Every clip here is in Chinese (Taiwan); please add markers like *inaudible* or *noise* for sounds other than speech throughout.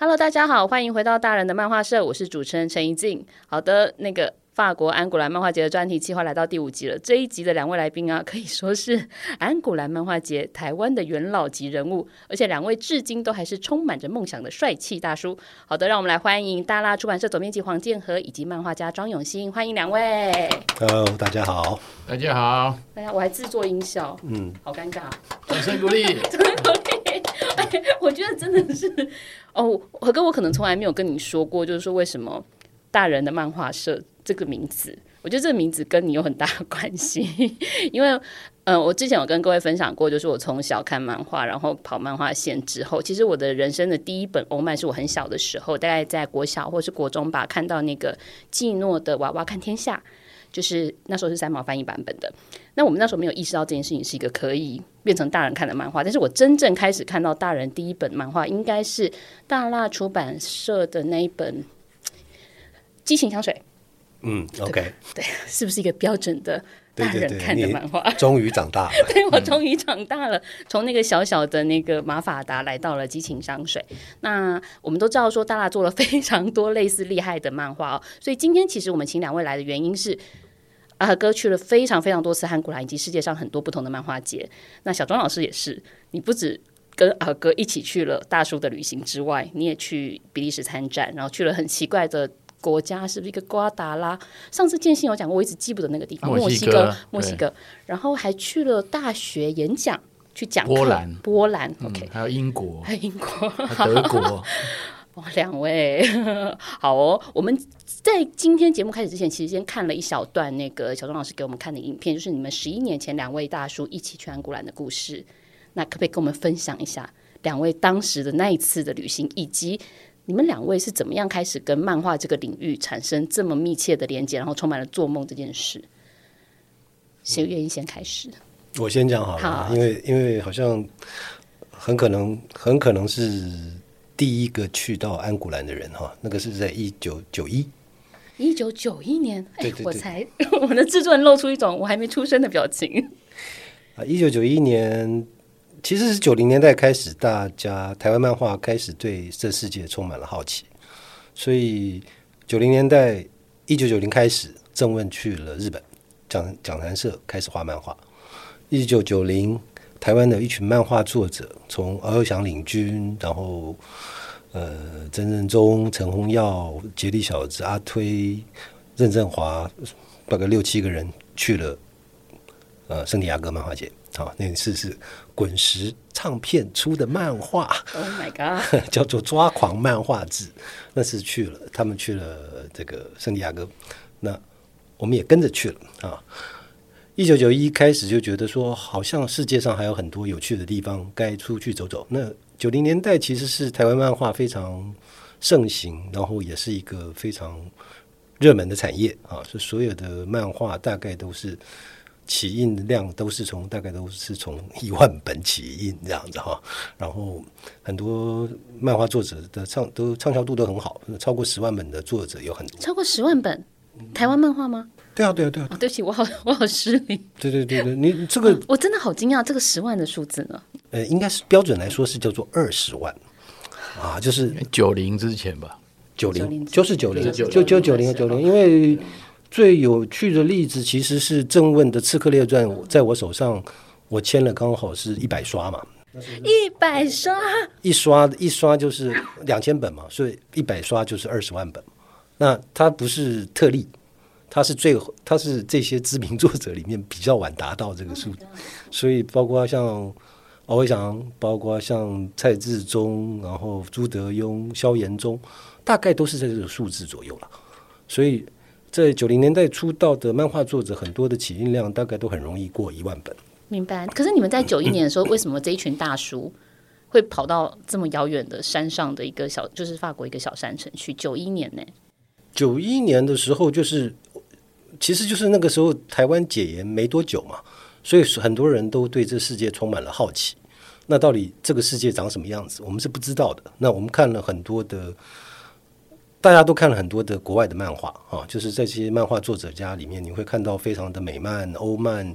哈嘍，大家好，歡迎回到大人的漫畫社，我是主持人陳怡靜。好的，那個。法國安古蘭漫畫節的專題企劃來到第五集了。這一集的兩位來賓啊，可以說是安古蘭漫畫節台灣的元老級人物，而且兩位至今都還是充滿着夢想的帥氣大叔。好的，讓我們來歡迎大辣出版社總編輯黃健和以及漫畫家莊永新。歡迎兩位。Hello，大家好，大家好。大、哎、家，我還制作音效，嗯，好尷尬。掌聲鼓勵， *laughs* 掌聲鼓勵。 *laughs* 哎，我覺得真的是哦，和哥，我可能從來沒有跟你說過，就是說為什麼大人的漫畫社。這個名字，我覺得這個名字跟你有很大的關係， *laughs* 因為，嗯、呃，我之前有跟各位分享過，就是我從小看漫畫，然後跑漫畫線之後，其實我的人生的第一本歐漫是我很小的時候，大概在國小或是國中吧，看到那個季諾的《娃娃看天下》，就是那時候是三毛翻譯版本的。那我們那時候沒有意識到這件事情是一個可以變成大人看的漫畫，但是我真正開始看到大人第一本漫畫，應該是大辣出版社的那一本《激情香水》。嗯對對，OK，對，是不是一個標準的大人看的漫畫？對對對，終於長大了， *laughs* 對、嗯、我終於長大了，從那個小小的那個馬法達來到了激情香水。那我們都知道說，大辣做了非常多類似厲害的漫畫哦。所以今天其實我們請兩位來的原因是，阿哥去了非常非常多次安古蘭以及世界上很多不同的漫畫節。那小莊老師也是，你不止跟阿哥一起去了大叔的旅行之外，你也去比利時參展，然後去了很奇怪的。國家是不是一個瓜達拉？上次建信有講過，我一直記不得那個地方，墨西哥，墨西哥。然後還去了大學演講，去講波蘭，波蘭、嗯。OK，還有英國，還有英國，德國。 *laughs* 哦、兩位好哦！我們在今天節目開始之前，其實先看了一小段那個小莊老師給我們看的影片，就是你們十一年前兩位大叔一起去安古蘭的故事。那可不可以跟我們分享一下兩位當時的那一次的旅行，以及？你們兩位是怎麼樣開始跟漫畫這個領域產生這麼密切的連接，然後充滿了做夢這件事？誰願意先開始？我先講好了，好，因為因為好像很可能很可能是第一個去到安古蘭的人哈，那個是在一九九一，一九九一年，哎，我才我的制作人露出一種我還沒出生的表情啊，一九九一年。其實是九零年代開始，大家台灣漫畫開始對這世界充滿了好奇，所以九零年代一九九零開始，鄭問去了日本，講講談社開始畫漫畫。一九九零，台灣的一群漫畫作者，從敖幼祥領軍，然後呃，曾正忠、陳弘耀、杰力小子、阿推、任正華，大概六七個人去了呃聖地亞哥漫畫節。啊，那次是滾石唱片出的漫畫，Oh my god，叫做《抓狂漫畫誌》，那次去了，他們去了這個聖地亞哥，那我們也跟着去了啊。一九九一開始就覺得說，好像世界上還有很多有趣的地方，該出去走走。那九零年代其實是台灣漫畫非常盛行，然後也是一個非常熱門的產業啊，所以所有的漫畫大概都是。起印量都是從大概都是從一萬本起印這樣子哈、哦，然後很多漫畫作者的暢都暢銷度都很好，超過十萬本的作者有很多。超過十萬本，嗯、臺灣漫畫嗎？對啊，對啊，對啊、哦。對不起，我好，我好失禮。對對對，對你這個、哦、我真的好驚訝，這個十萬的數字呢？呃，應該是標準來說是叫做二十萬啊，就是九零之前吧，九零就是九零，就就九零和九零，90, 90, 90, 90, 90, 90, 90, 90, 因為。最有趣的例子其實是鄭問的《刺客列傳》在我手上，我簽了剛好是一百刷嘛，一百刷，一刷一刷就是兩千本嘛，所以一百刷就是二十萬本。那他不是特例，他是最後他是這些知名作者裡面比較晚達到這個數字，oh，所以包括像，哦、我想包括像蔡志忠，然後朱德庸、蕭言中，大概都是在這個數字左右了，所以。在九零年代出道的漫畫作者，很多的起印量大概都很容易過一萬本。明白。可是你們在九一年的時候， *coughs* 為什麼這一群大叔會跑到這麼遙遠的山上的一個小，就是法國一個小山城去？九一年呢？九一年的時候，就是其實就是那個時候台灣解嚴沒多久嘛，所以很多人都對這世界充滿了好奇。那到底這個世界長什麼樣子？我們是不知道的。那我們看了很多的。大家都看了很多的國外的漫畫啊，就是在這些漫畫作者家裡面，你會看到非常的美漫、歐漫，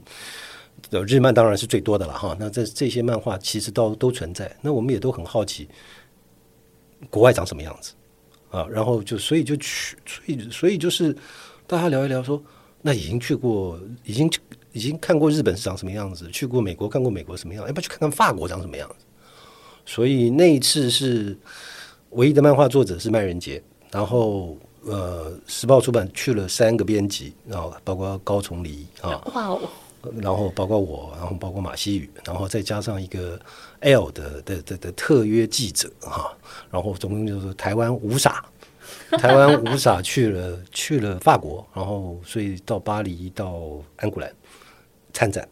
日漫當然是最多的了哈、啊。那這這些漫畫其實都都存在，那我們也都很好奇國外長什麼樣子啊。然後就所以就去，所以所以，所以就是大家聊一聊說，說那已經去過，已經已經看過日本是長什麼樣子，去過美國看過美國什麼樣，要、哎、不去看看法國長什麼樣子？所以那一次是唯一的漫畫作者是麥人傑。然後，呃，《時報》出版去了三個編輯，然後包括高崇離啊，wow. 然後包括我，然後包括馬西宇，然後再加上一個 L 的的的的，的特約記者啊，然後總共就是台灣五傻，台灣五傻去了 *laughs* 去了法國，然後所以到巴黎到安古蘭參展。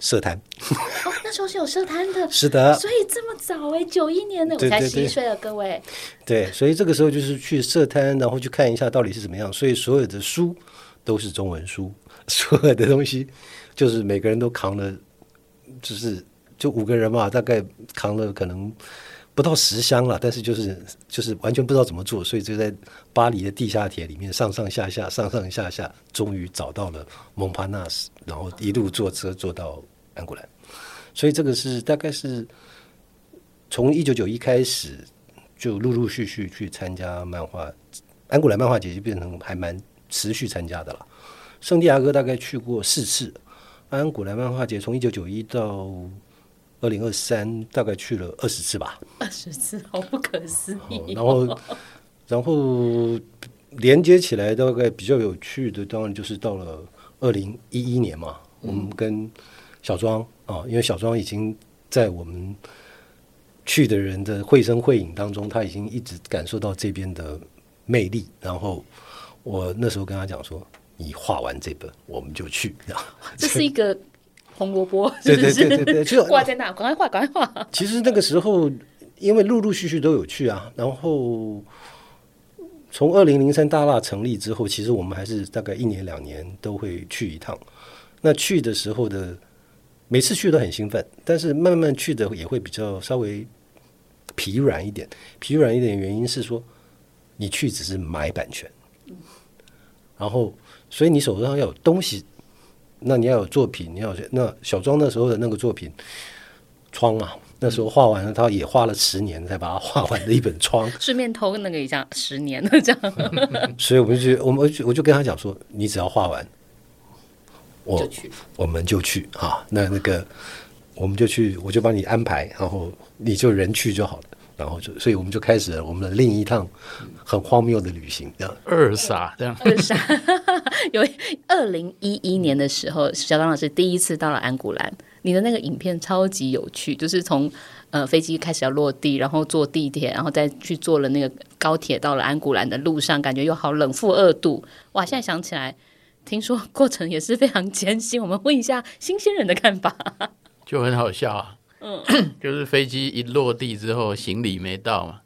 設攤哦，那時候是有設攤的， *laughs* 是的，所以這麼早哎、欸，九一年的我才十一歲了，各位。對，所以這個時候就是去設攤，然後去看一下到底是怎麼樣。所以所有的書都是中文書，所有的東西就是每個人都扛了，就是就五個人嘛，大概扛了可能。不到十箱了，但是就是就是完全不知道怎麼做，所以就在巴黎的地下鐵裡面上上下下上上下下，終於找到了蒙帕納斯，然後一路坐車坐到安古蘭，所以這個是大概是從一九九一開始就陸陸續續去，去參加漫畫安古蘭漫畫節，就變成還蠻持續參加的了。聖地亞哥大概去過四次，安古蘭漫畫節從一九九一到。二零二三大概去了二十次吧，二十次好不可思議哦。然後，然後連接起來，大概比較有趣的，當然就是到了二零一一年嘛，嗯。我們跟小莊啊，因為小莊已經在我們去的人的繪聲繪影當中，他已經一直感受到這邊的魅力。然後我那時候跟他講說：“你畫完這本，我們就去，這樣。”這是一個。紅蘿蔔，對對對對對，就掛在那，趕快畫，趕快畫。其實那個時候，因為陸陸續續都有去啊，然後從二零零三大辣成立之後，其實我們還是大概一年兩年都會去一趟。那去的時候的，每次去都很興奮，但是慢慢去的也會比較稍微疲軟一點。疲軟一點的原因是說，你去只是買版權，然後所以你手上要有東西。那你要有作品，你要有，那小莊那時候的那個作品《窗》啊，那時候畫完了、嗯，他也花了十年才把它畫完的一本《窗。》 *laughs* 順便偷那個一下十年的這樣、嗯。所以我們就，我們就我就跟他講說，你只要畫完，我就去我們就去啊。那那個我們就去，我就幫你安排，然後你就人去就好了。然後就，所以我們就開始了我們的另一趟很荒謬的旅行，這樣二傻這樣二傻。 *laughs* *laughs* 有二零一一年的時候，小莊老師第一次到了安古蘭，你的那個影片超級有趣，就是從呃飛機開始要落地，然後坐地鐵，然後再去坐了那個高鐵到了安古蘭的路上，感覺又好冷，負二度。哇，現在想起來，聽說過程也是非常艱辛。我們問一下新鮮人的看法，就很好笑啊。嗯， *coughs* 就是飛機一落地之後，行李沒到嘛？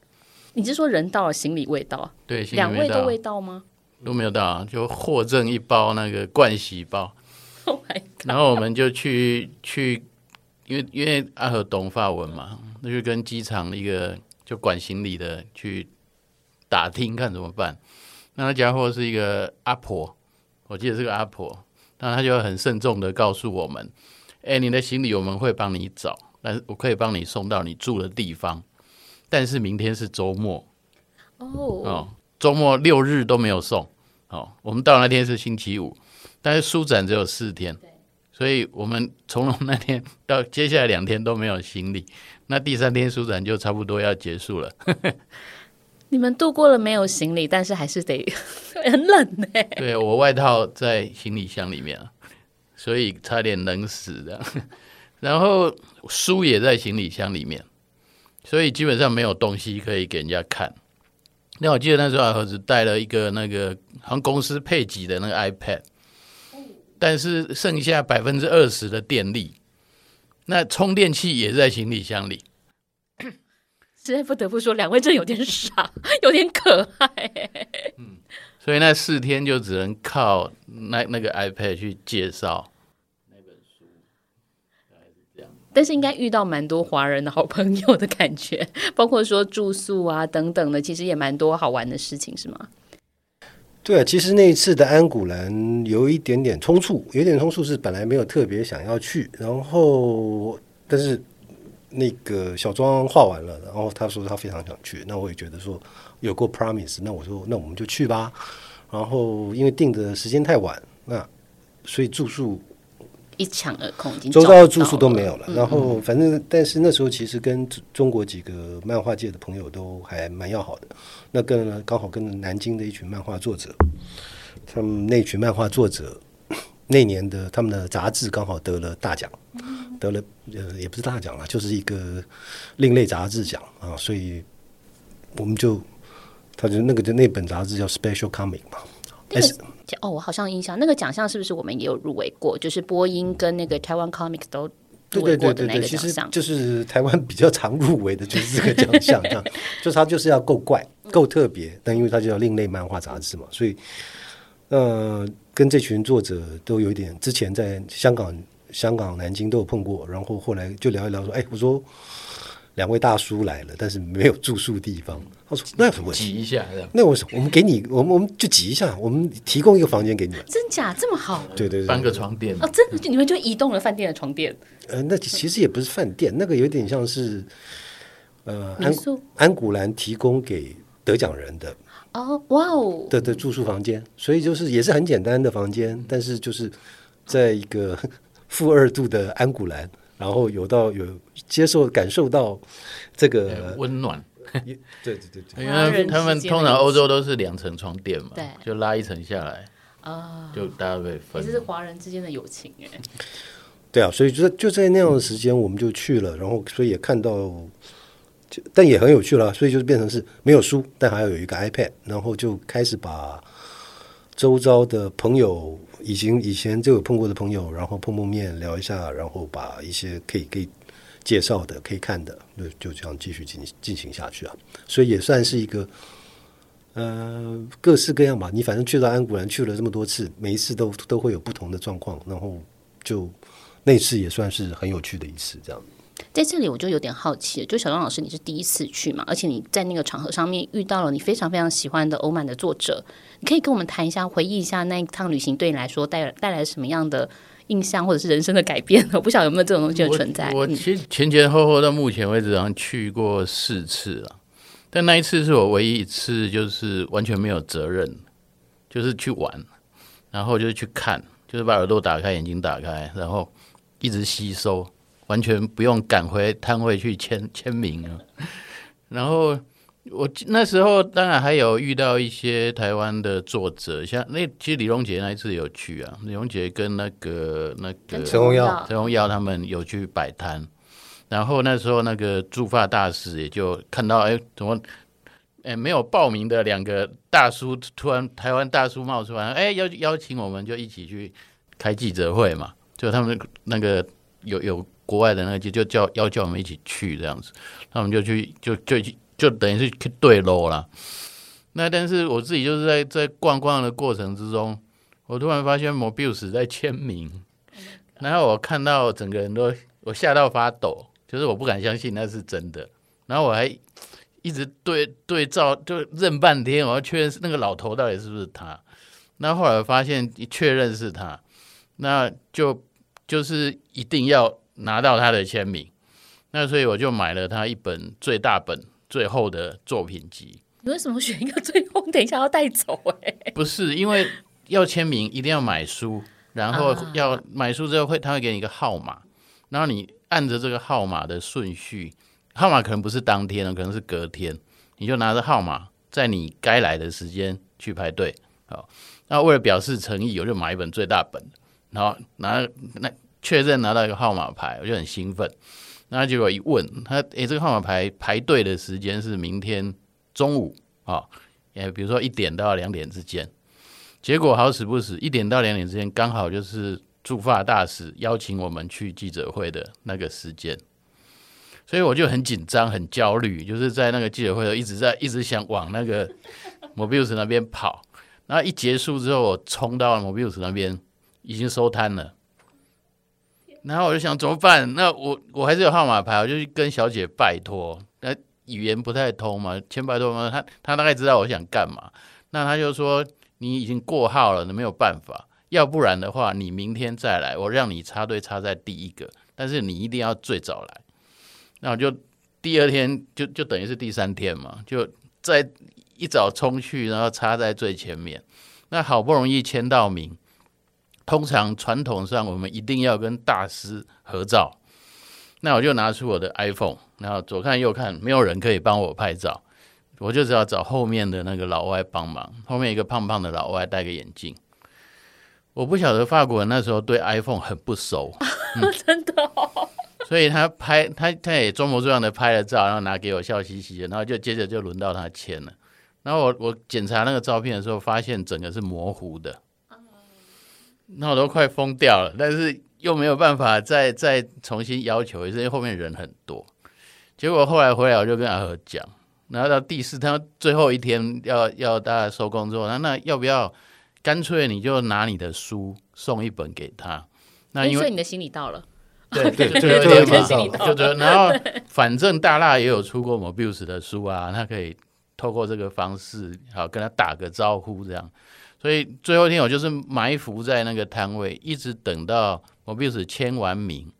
你是說人到了，行李未到？對，行李未到，兩位都未到嗎？都沒有到啊，就獲贈一包那個盥洗包。Oh my God，然後我們就去去，因為因為阿和懂法文嘛，那就跟機場一個就管行李的去打聽看怎麼辦。那他家伙是一個阿婆，我記得是個阿婆，那她就很慎重的告訴我們：“哎、欸，你的行李我們會幫你找。”但是我可以幫你送到你住的地方，但是明天是週末，oh. 哦，周末六日都沒有送。哦，我們到那天是星期五，但是書展只有四天，所以我們從那天到接下來兩天都沒有行李，那第三天書展就差不多要結束了。 *laughs* 你們度過了沒有行李，但是還是得 *laughs* 很冷呢。欸。對，我外套在行李箱裡面，所以差點冷死的。 *laughs* 然後書也在行李箱裡面，所以基本上沒有東西可以給人家看。那我記得那時候，兒子帶了一個那個航空公司配給的那個 iPad，但是剩下百分之二十的電力。那充電器也在行李箱裡。實在不得不說，兩位真有點傻，有點可愛。嗯，所以那四天就只能靠那那個 iPad 去介紹。但是應該遇到蠻多華人的好朋友的感覺，包括說住宿啊等等的，其實也蠻多好玩的事情，是嗎？對啊，其實那一次的安古蘭有一點點匆促，有點匆促是本來沒有特別想要去，然後但是那個小莊畫完了，然後他說他非常想去，那我也覺得說有過 promise，那我說那我們就去吧。然後因為定的時間太晚，那所以住宿。一搶而空，週遭的住宿都沒有了。嗯嗯。然後，反正，但是那時候其實跟中國幾個漫畫界的朋友都還蠻要好的。那個剛好跟南京的一群漫畫作者，他們那群漫畫作者那年的他們的雜誌剛好得了大獎，嗯、得了呃也不是大獎了，就是一個另類雜誌獎啊。所以我們就他就那個就那本雜誌叫 Special Comic 嘛。但、那個，哦，我好像印象，那個獎項是不是我們也有入圍過？就是播音跟那個台灣 Comix 都對對對對，入圍過的那個獎項，對對對對對，其實就是台灣比較常入圍的，就是這個獎項。 *laughs* 就是，它就是要夠怪，夠特別，但因為它叫另類漫畫雜誌嘛，所以呃跟這群作者都有一點，之前在香港，香港，南京都有碰過，然後後來就聊一聊說，說哎，我說兩位大叔來了，但是沒有住宿地方。我說，那我擠一下，那我我們給你，我們我們就擠一下，我們提供一個房間給你們。真假這麼好？對對對、對，三個床墊哦，真的你們就移動了飯店的床墊、嗯。呃，那其實也不是飯店，那個有點像是呃安安古蘭提供給得獎人的哦，哇哦的的住宿房間，所以就是也是很簡單的房間，但是就是在一個負二度的安古蘭，然後有到有接受感受到這個、哎、溫暖。對對對對，因為他們通常歐洲都是兩層床墊嘛，對，就拉一層下來啊，就大家會分，這是華人之間的友情哎。對啊，所以就在就在那樣的時間，我們就去了，然後所以也看到，就但也很有趣啦，所以就是變成是沒有書，但還要有一個 iPad，然後就開始把周遭的朋友，已經以前就有碰過的朋友，然後碰碰面聊一下，然後把一些可以可以介紹的、可以看的，就這樣繼續進進行下去啊，所以也算是一個呃各式各樣吧。你反正去到安古蘭去了這麼多次，每一次都都會有不同的狀況，然後就那次也算是很有趣的一次。這樣在這裡我就有點好奇，就小莊老師你是第一次去嘛？而且你在那個場合上面遇到了你非常非常喜歡的歐漫的作者，你可以跟我們談一下，回憶一下那一趟旅行對你來說帶來帶來什麼樣的？印象或者是人生的改變，我不曉得有沒有這種東西的存在。我，我其實前前後後到目前為止好像去過四次了，但那一次是我唯一一次，就是完全沒有責任，就是去玩，然後就是去看，就是把耳朵打開，眼睛打開，然後一直吸收，完全不用趕回攤位去簽簽名啊，然後。我那時候當然還有遇到一些台灣的作者，像那、欸、其實李榮杰那一次有去啊，李榮杰跟那個那個陳弘耀，陳弘耀他們有去擺攤，然後那時候那個駐法大使也就看到，哎、欸、怎麼，哎、欸、沒有報名的兩個大叔突然台灣大叔冒出來，哎、欸，邀邀請我們就一起去開記者會嘛，就他們那個有有國外的那個就叫要叫我們一起去這樣子，那我們就去就就。去。就等於是去對嘍了啦。那但是我自己就是在在逛逛的過程之中，我突然發現摩比 us 在簽名，然後我看到整個人都我嚇到發抖，就是我不敢相信那是真的。然後我還一直對對照就認半天，我要確認是那個老頭到底是不是他。那後，後來我發現確認是他，那就就是一定要拿到他的簽名。那所以我就買了他一本最大本。最後的作品集，你為什麼選一個最後？等一下要帶走誒。不是，因為要簽名，一定要買書，然後要買書之後會，他會給你一個號碼，然後你按着這個號碼的順序，號碼可能不是當天，可能是隔天，你就拿着號碼，在你該來的時間去排隊。好，那為了表示誠意，我就買一本最大本，然後拿那確認拿到一個號碼牌，我就很興奮。那結果一問，他誒、欸，這個號碼排排隊的時間是明天中午啊，誒、哦，比如說一點到兩點之間。結果好死不死，一點到兩點之間剛好就是駐法大使邀請我們去記者會的那個時間，所以我就很緊張、很焦慮，就是在那個記者會都一直在一直想往那個 Moebius 那邊跑。那一結束之後，我衝到 Moebius 那邊，已經收攤了。然後我就想怎麼辦？那我我還是有號碼牌，我就去跟小姐拜託。那語言不太通嘛，千拜託嘛，他他大概知道我想幹嘛。那他就說你已經過號了，你沒有辦法。要不然的話，你明天再來，我讓你插隊插在第一個，但是你一定要最早來。那我就第二天就就等於是第三天嘛，就在一早衝去，然後插在最前面。那好不容易簽到名。通常傳統上，我們一定要跟大師合照。那我就拿出我的 iPhone，然後左看右看，沒有人可以幫我拍照，我就只好找後面的那個老外幫忙。後面一個胖胖的老外，戴個眼鏡。我不曉得法國人那時候對 iPhone 很不熟，嗯、 *laughs* 真的、哦。所以他拍他他也裝模作樣的拍了照，然後拿給我笑嘻嘻的，然後就接着就輪到他簽了。然後我我檢查那個照片的時候，發現整個是模糊的。那我都快瘋掉了，但是又沒有辦法再再重新要求一次，因為後面人很多。結果後來回來，我就跟阿和講，然後到第四天最後一天要要大家收工之後，那那要不要乾脆你就拿你的書送一本給他？那因為、欸、你的行李到了，對對對對對，行李到了。然後反正大辣也有出過某 bius 的書啊，他可以透過這個方式好跟他打個招呼，這樣。所以最後一天，我就是埋伏在那個攤位，一直等到墨必斯簽完名，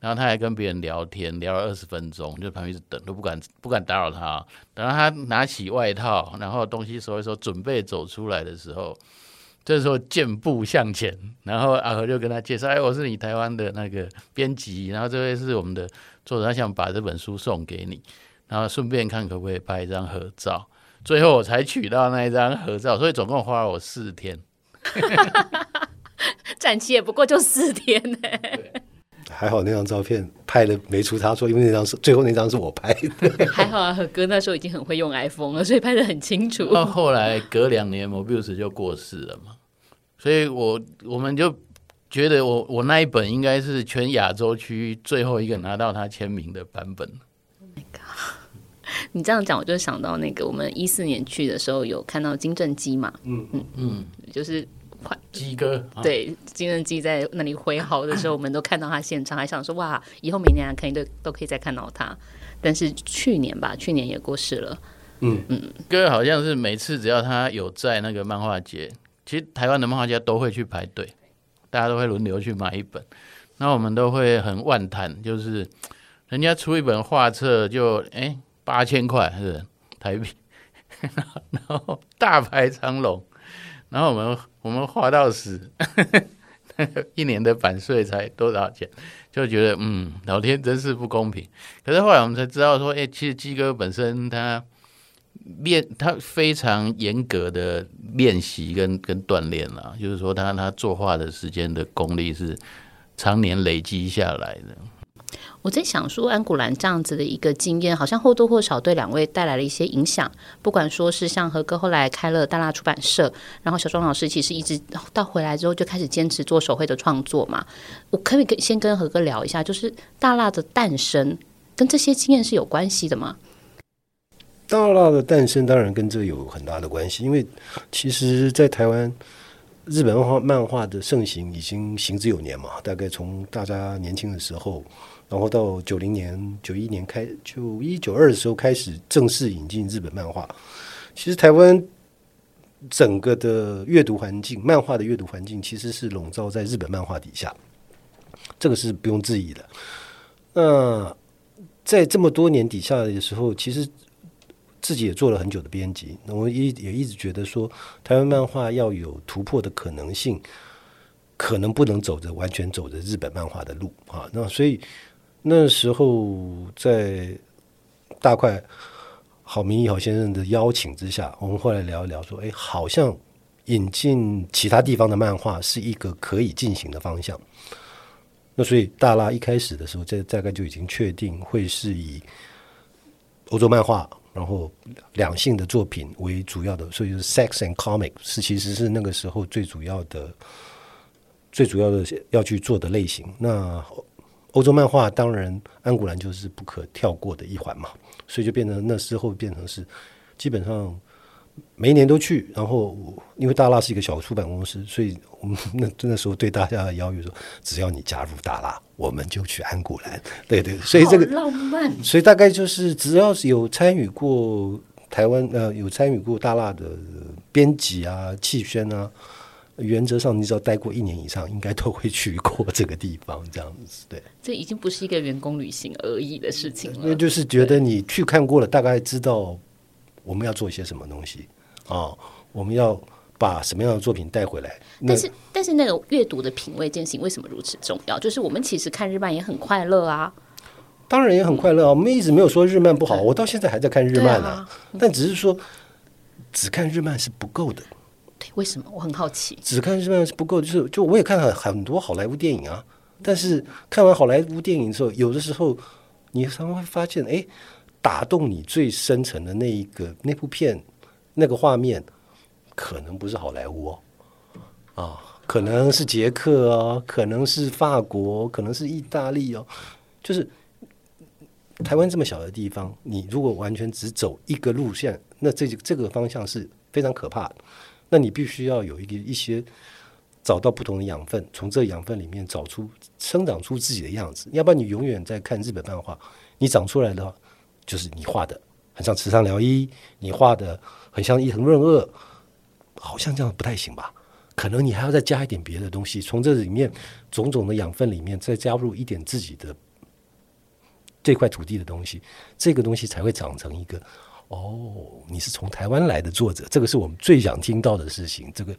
然後他還跟別人聊天，聊了二十分鐘，就旁邊一直等，都不敢不敢打擾他啊。等到他拿起外套，然後東西收一收，準備走出來的時候，這時候箭步向前，然後阿和就跟他介紹：“哎，我是你台灣的那個編輯，然後這位是我們的作者，他想把這本書送給你，然後順便看可不可以拍一張合照。”最後我才取到那一張合照，所以總共花了我四天，展 *laughs* *laughs* 期也不過就四天呢。對，還好那張照片拍的沒出差錯，因為那張是最後那張是我拍的。 *laughs* *laughs* 還好啊，何哥那時候已經很會用 iPhone 了，所以拍得很清楚。 *laughs* 到後來隔兩年，Mobius 就過世了嘛，所以我我們就覺得我我那一本應該是全亞洲區最後一個拿到他簽名的版本。你這樣講，我就想到那個我們一四年去的時候，有看到金政基嘛？嗯嗯嗯，就是快雞哥對金政基在那裡揮毫的時候、啊，我們都看到他現場，還想說哇，以後每年肯定都都可以再看到他。但是去年吧，去年也過世了。嗯嗯，哥位好像是每次只要他有在那個漫畫節，其實台灣的漫畫家都會去排隊，大家都會輪流去買一本。那我們都會很惋嘆，就是人家出一本畫冊就哎。欸八千塊是台幣，然後大排長龍，然後我們我們畫到死呵呵，一年的版稅才多少錢？就覺得嗯，老天真是不公平。可是後來我們才知道說，哎、欸，其實金哥本身他練他非常嚴格的練習跟跟鍛煉啊，就是說他他作畫的時間的功力是常年累積下來的。我在想，說安古蘭這樣子的一個經驗，好像或多或少對兩位帶來了一些影響。不管說是像和哥後來開了大辣出版社，然後小莊老師其實一直到回來之後就開始堅持做手繪的創作嘛。我可，可以跟先跟和哥聊一下，就是大辣的誕生跟這些經驗是有關係的嗎？大辣的誕生當然跟這有很大的關係，因為其實在台灣，日本漫畫漫畫的盛行已經行之有年嘛，大概從大家年輕的時候。然後到九零年、九一年開，九一九二的時候開始正式引進日本漫畫。其實台灣整個的閱讀環境，漫畫的閱讀環境，其實是籠罩在日本漫畫底下，這個是不用質疑的、呃。那在這麼多年底下的時候，其實自己也做了很久的編輯，那我一也一直覺得說，台灣漫畫要有突破的可能性，可能不能走着完全走着日本漫畫的路啊。那所以。那時候，在大塊郝明義郝先生的邀請之下，我們後來聊一聊說，說、欸、哎，好像引進其他地方的漫畫是一個可以進行的方向。那所以大辣一開始的時候，這大概就已經確定會是以歐洲漫畫，然後兩性的作品為主要的，所以就是 Sex and Comic 是其實是那個時候最主要的、最主要的要去做的類型。那。歐洲漫畫當然，安古蘭就是不可跳過的一環嘛，所以就變成那時候變成是，基本上每一年都去。然後因為大辣是一個小出版公司，所以我們那那時候對大家的邀約說，只要你加入大辣，我們就去安古蘭。對對，所以這個浪漫，所以大概就是只要是有參與過台灣呃有參與過大辣的編輯啊、企宣啊。原則上，你只要待過一年以上，應該都會去過這個地方，這樣子對。這已經不是一個員工旅行而已的事情了。那就是覺得你去看過了，大概知道我們要做一些什麼東西啊，我們要把什麼樣的作品帶回來。但是，但是那個閱讀的品味踐行為什麼如此重要？就是我們其實看日漫也很快樂啊。當然也很快樂啊，我們一直沒有說日漫不好，我到現在還在看日漫呢。但只是說，只看日漫是不夠的。為什麼我很好奇？只看日漫是不夠，就是就我也看了很多好萊塢電影啊。但是看完好萊塢電影之後，有的時候你常常會發現，哎、欸，打動你最深層的那一個那部片那個畫面，可能不是好萊塢哦、啊，可能是捷克哦，可能是法國，可能是意大利哦。就是台灣這麼小的地方，你如果完全只走一個路線，那這這個方向是非常可怕的。那你必須要有一個一些找到不同的養分，從這養分裡面找出生長出自己的樣子。要不然你永遠在看日本漫畫，你長出來的話就是你畫的，的很像池上遼一，你畫的很像伊藤潤二，好像這樣不太行吧？可能你還要再加一點別的東西，從這裡面種種的養分裡面再加入一點自己的這塊土地的東西，這個東西才會長成一個。哦，你是從台灣來的作者，這個是我們最想聽到的事情。這個，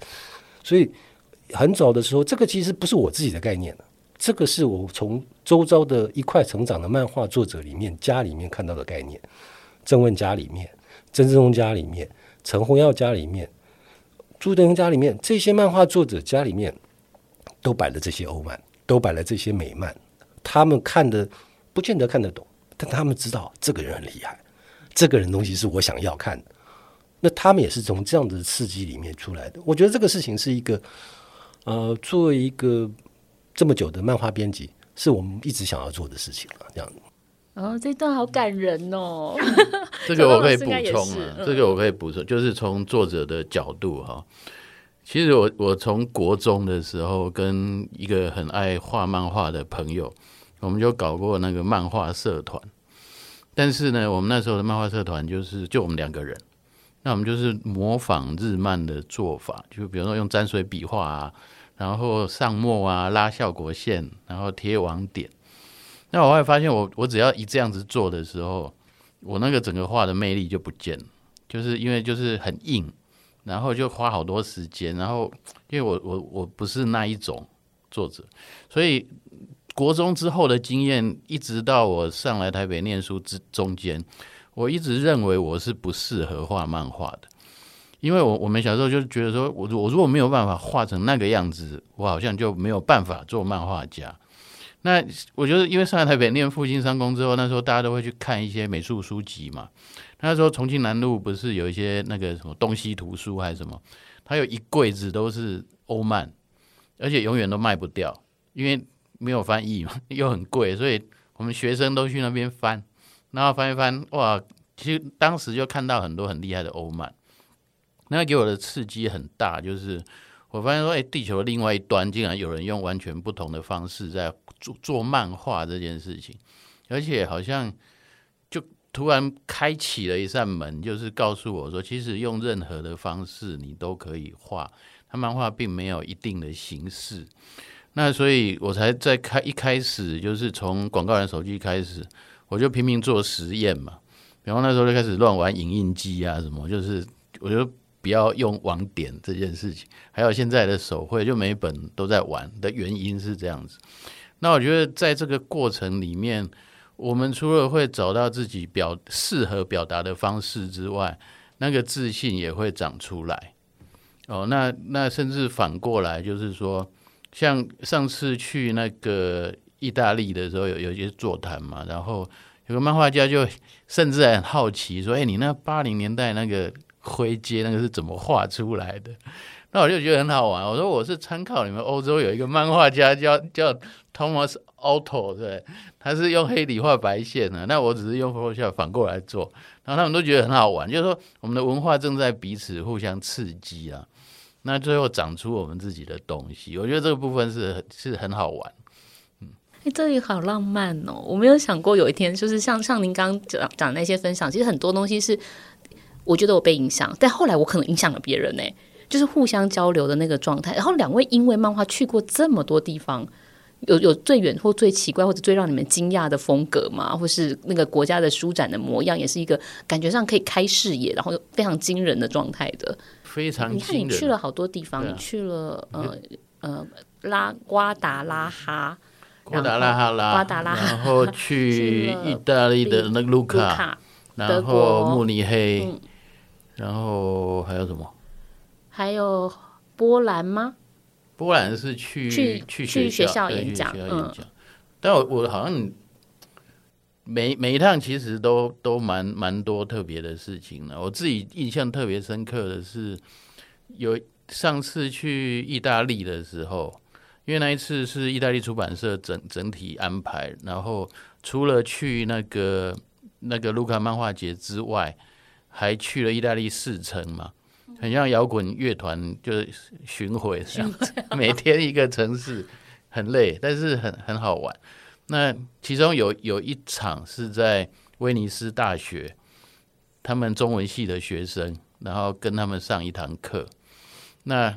所以很早的時候，這個其實不是我自己的概念，這個是我從周遭的一塊成長的漫畫作者裡面，家裡面看到的概念。鄭問家裡面，曾正忠家裡面，陳弘耀家裡面，朱德庸家裡面，這些漫畫作者家裡面，都擺了這些歐漫，都擺了這些美漫，他們看的不見得看得懂，但他們知道這個人很厲害。這個人東西是我想要看，那他們也是從這樣的刺激裡面出來的。我覺得這個事情是一個，呃，做一個這麼久的漫畫編輯，是我們一直想要做的事情了。這樣子，哦，這段好感人哦、嗯。這個我可以補充、啊 *laughs* 這，這個我可以補充，就是從作者的角度哈、啊。其實我我從國中的時候，跟一個很愛畫漫畫的朋友，我們就搞過那個漫畫社團。但是呢，我們那時候的漫畫社團就是就我們兩個人，那我們就是模仿日漫的做法，就比如說用沾水筆畫啊，然後上墨啊，拉效果線，然後貼網點。那我後來發現我，我我只要一這樣子做的時候，我那個整個畫的魅力就不見了，就是因為就是很硬，然後就花好多時間，然後因為我我我不是那一種作者，所以。國中之後的經驗，一直到我上來台北念書之中間，我一直認為我是不適合畫漫畫的，因為我我們小時候就覺得說，我我如果沒有辦法畫成那個樣子，我好像就沒有辦法做漫畫家。那我覺得，因為上來台北念復興商工之後，那時候大家都會去看一些美術書籍嘛。那時候重慶南路不是有一些那個什麼東西圖書還是什麼，它有一櫃子都是歐漫，而且永遠都賣不掉，因為。沒有翻譯嘛，又很貴，所以我們學生都去那邊翻，然後翻一翻，哇，其實當時就看到很多很厲害的歐漫，那給我的刺激很大，就是我發現說，誒、哎,地球的另外一端竟然有人用完全不同的方式在做做漫畫這件事情，而且好像就突然開啟了一扇門，就是告訴我說，其實用任何的方式你都可以畫，它漫畫並沒有一定的形式。那所以，我才在開一開始，就是從廣告人手記開始，我就拼命做實驗嘛。然後那時候就開始亂玩影印機啊，什麼就是，我就不要用網點這件事情。還有現在的手繪，就每一本都在玩的原因是這樣子。那我覺得，在這個過程裡面，我們除了會找到自己表適合表達的方式之外，那個自信也會長出來。哦，那那甚至反過來，就是說。像上次去那個意大利的時候有，有有一些座談嘛，然後有個漫畫家就甚至還很好奇，說：“哎、欸，你那八零年代那個灰階那個是怎麼畫出來的？”那我就覺得很好玩，我說：“我是參考你們歐洲有一個漫畫家叫叫 Thomas Auto，對，他是用黑底畫白線的，那我只是用 Photoshop 反過來做，然後他們都覺得很好玩，就是說我們的文化正在彼此互相刺激啊。”那最後長出我們自己的東西，我覺得這個部分是是很好玩。嗯，欸，這裡好浪漫哦、喔！我沒有想過有一天，就是像像您剛剛講講那些分享，其實很多東西是我覺得我被影響，但後來我可能影響了別人呢、欸，就是互相交流的那個狀態。然後兩位因為漫畫去過這麼多地方，有有最遠或最奇怪或者最讓你們驚訝的風格嗎？或是那個國家的書展的模樣，也是一個感覺上可以開視野，然後又非常驚人的狀態的。非常驚人，你、啊、看你去了好多地方，啊、你去了呃呃拉瓜達拉哈，嗯、瓜達拉哈拉，瓜達拉哈，然後去意大利的那個盧卡，卡，德國慕尼黑、嗯，然後還有什麼？還有波蘭嗎？波蘭是去去去學校，去學校演講，嗯，但我我好像每每一趟其實都都蠻蠻多特別的事情呢，我自己印象特別深刻的是，有上次去意大利的時候，因為那一次是意大利出版社整整體安排，然後除了去那個那個盧卡漫畫節之外，還去了意大利四城嘛。很像搖滾樂團，就是巡迴每天一個城市，很累，但是很很好玩。那其中有有一場是在威尼斯大學，他們中文系的學生，然後跟他們上一堂課。那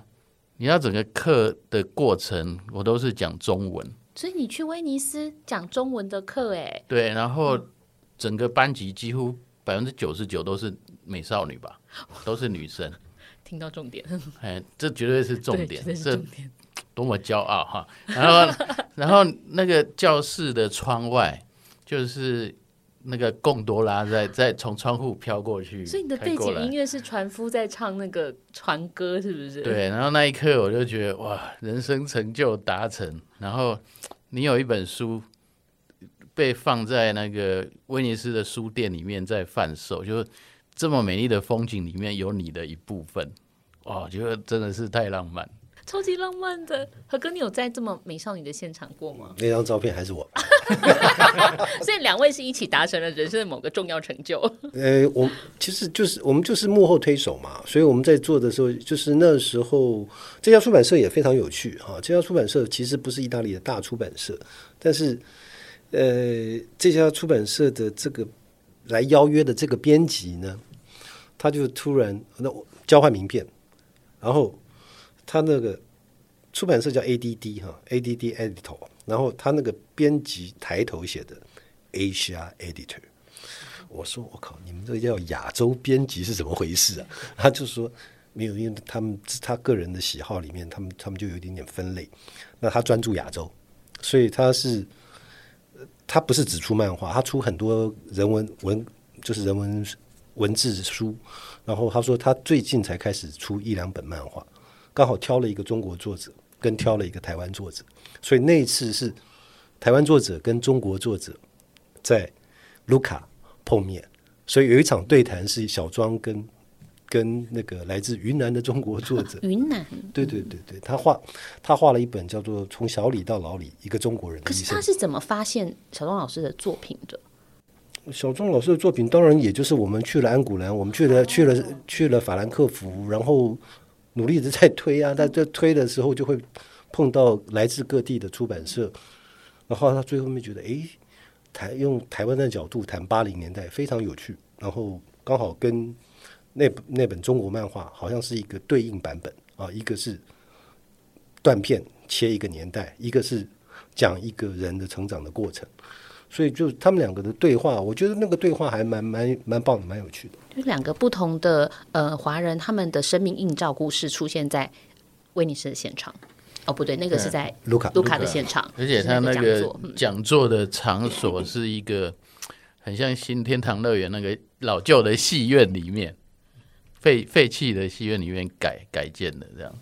你知道整個課的過程，我都是講中文。所以你去威尼斯講中文的課、欸，哎。對，然後整個班級幾乎百分之九十九都是美少女吧，都是女生。聽到重點，哎，這絕對是重點，是重點，這多麼驕傲哈！然後， *laughs* 然後那個教室的窗外就是那個貢多拉在在從窗戶飄過去，所以你的背景音樂是船夫在唱那個船歌，是不是？對，然後那一刻我就覺得哇，人生成就達成，然後你有一本書被放在那個威尼斯的書店裡面在販售，就。這麼美麗的風景裡面有你的一部分，哇！覺得真的是太浪漫，超級浪漫的。何哥，你有在這麼美少女的現場過嗎？那張照片還是我 *laughs* 。 *laughs* 所以兩位是一起達成了人生的某個重要成就 *laughs* 。呃，我其實就是我們就是幕後推手嘛，所以我們在做的時候，就是那時候這家出版社也非常有趣哈，這家出版社其實不是意大利的大出版社，但是呃，這家出版社的這個。來邀約的這個編輯呢，他就突然那我交換名片，然後他那個出版社叫 ADD 哈 ADD Editor，然後他那個編輯抬頭寫的 Asia Editor，我說我靠，你們這叫亞洲編輯是怎麼回事啊？他就說沒有，因為他們他個人的喜好裡面，他們他們就有一點點分類，那他專注亞洲，所以他是。他不是只出漫畫，他出很多人文文就是人文文字書，嗯。然後他說他最近才開始出一兩本漫畫，剛好挑了一個中國作者跟挑了一個台灣作者，所以那一次是台灣作者跟中國作者在盧卡碰面，所以有一場對談是小莊跟。跟那個來自雲南的中國作者，雲南，對對對對，他畫他畫了一本叫做《從小李到老李：一個中國人的一生》。可是他是怎麼發現小莊老師的作品的？小莊老師的作品，當然也就是我們去了安古蘭，我們去了去了去了，去了法蘭克福，然後努力的在推啊。在這推的時候，就會碰到來自各地的出版社。然後他最後面覺得，哎，台用台灣的角度談八零年代非常有趣，然後剛好跟。那那本中國漫畫好像是一個對應版本啊，一個是斷片切一個年代，一個是講一個人的成長的過程，所以就他們兩個的對話，我覺得那個對話還蠻蠻蠻棒的，蠻有趣的。就兩個不同的呃華人，他們的生命映照故事出現在威尼斯的現場。哦，不對，那個是在盧卡盧卡的現場，而且他那個講座、嗯、講座的場所是一個很像新天堂樂園那個老舊的戲院裡面。廢廢棄的戲院裡面改改建的這樣、欸。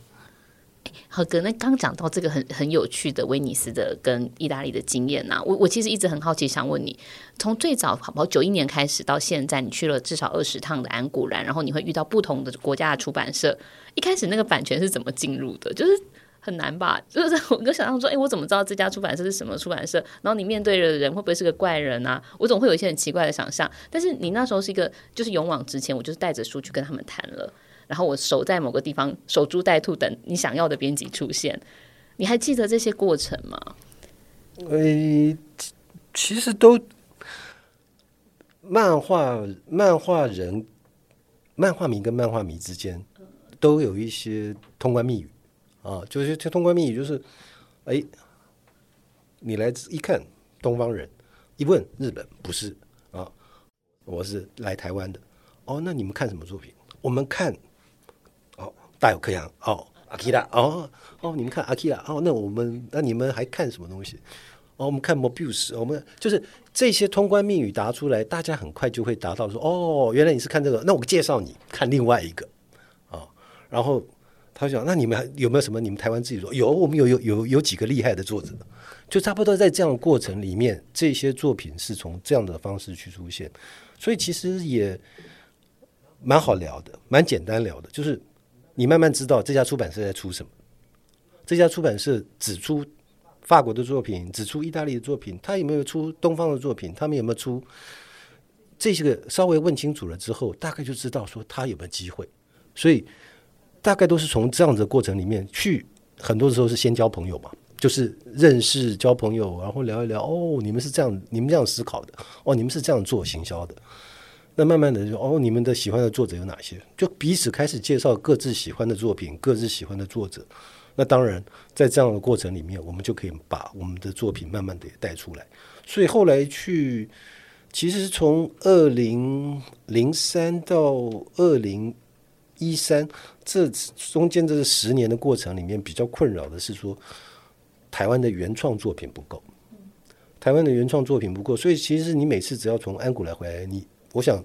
和哥，那剛講到這個很很有趣的威尼斯的跟意大利的經驗吶、啊，我我其實一直很好奇，想問你，從最早跑九一年開始到現在，你去了至少二十趟的安古蘭，然後你會遇到不同的國家的出版社，一開始那個版權是怎麼進入的？就是。很難吧？就是我就想象說，哎、欸，我怎麼知道這家出版社是什麼出版社？然後你面對的人會不會是個怪人啊？我總會有一些很奇怪的想象。但是你那時候是一個，就是勇往直前，我就是帶着書去跟他們談了。然後我守在某個地方，守株待兔，等你想要的編輯出現。你還記得這些過程嗎？呃、欸，其實都漫畫漫畫人，漫畫迷跟漫畫迷之間都有一些通關密語。啊、哦，就是這通關密語，就是，哎、欸，你來自一看東方人，一問日本不是啊、哦，我是來台灣的。哦，那你們看什麼作品？我們看，哦，大友克洋，哦，阿基拉，哦，哦，你們看阿基拉，哦，那我們那你們還看什麼東西？哦，我們看 Mobius，我們就是這些通關密語答出來，大家很快就會答到說，哦，原來你是看這個，那我介紹你看另外一個，啊、哦，然後。他說：“那你們還有沒有什麼？你們台灣自己做有？我們有有有有幾個厲害的作者。就差不多在這樣的過程裡面，這些作品是從這樣的方式去出現，所以其實也蠻好聊的，蠻簡單聊的。就是你慢慢知道這家出版社在出什麼，這家出版社只出法國的作品，只出意大利的作品，他有沒有出東方的作品？他們有沒有出這些個？稍微問清楚了之後，大概就知道說他有沒有機會。所以。”大概都是從這樣的過程裡面去，很多的時候是先交朋友嘛，就是認識、交朋友，然後聊一聊哦，你們是這樣，你們這樣思考的，哦，你們是這樣做行銷的。那慢慢的就哦，你們的喜歡的作者有哪些？就彼此開始介紹各自喜歡的作品、各自喜歡的作者。那當然，在這樣的過程裡面，我們就可以把我們的作品慢慢的也帶出來。所以後來去，其實從二零零三到二零。一三這中間，這十年的過程裡面比較困擾的是說，台灣的原創作品不夠，台灣的原創作品不夠，所以其實你每次只要從安古蘭回來，你我想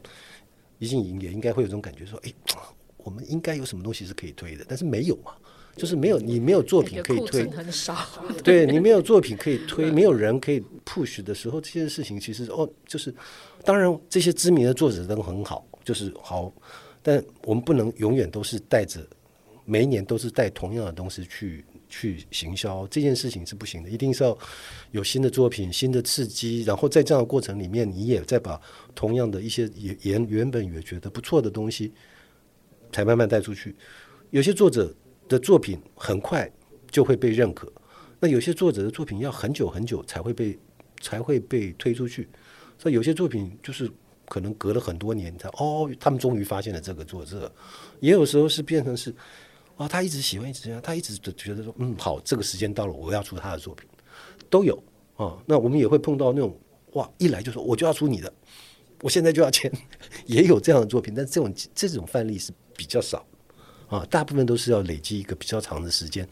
一進營也應該會有種感覺說，說哎，我們應該有什麼東西是可以推的，但是沒有嘛，就是沒有，你沒有作品可以推、哎、 *laughs* 對，你沒有作品可以推，沒有人可以 push 的時候，這些事情其實哦就是，當然這些知名的作者都很好，就是好。但我們不能永遠都是帶着每一年都是帶同樣的東西去去行銷，這件事情是不行的，一定是要有新的作品、新的刺激，然後在這樣的過程裡面，你也在把同樣的一些也原原本也覺得不錯的東西才慢慢帶出去。有些作者的作品很快就會被認可，那有些作者的作品要很久很久才會被才會被推出去。所以有些作品就是。可能隔了很多年才哦，他們終於發現了這個作者。也有時候是變成是啊、哦，他一直喜歡一直這樣，他一直覺得說嗯好，這個時間到了，我要出他的作品，都有啊、哦。那我們也會碰到那種哇，一來就說我就要出你的，我現在就要簽，也有這樣的作品，但這種這種範例是比較少啊、哦，大部分都是要累積一個比較長的時間。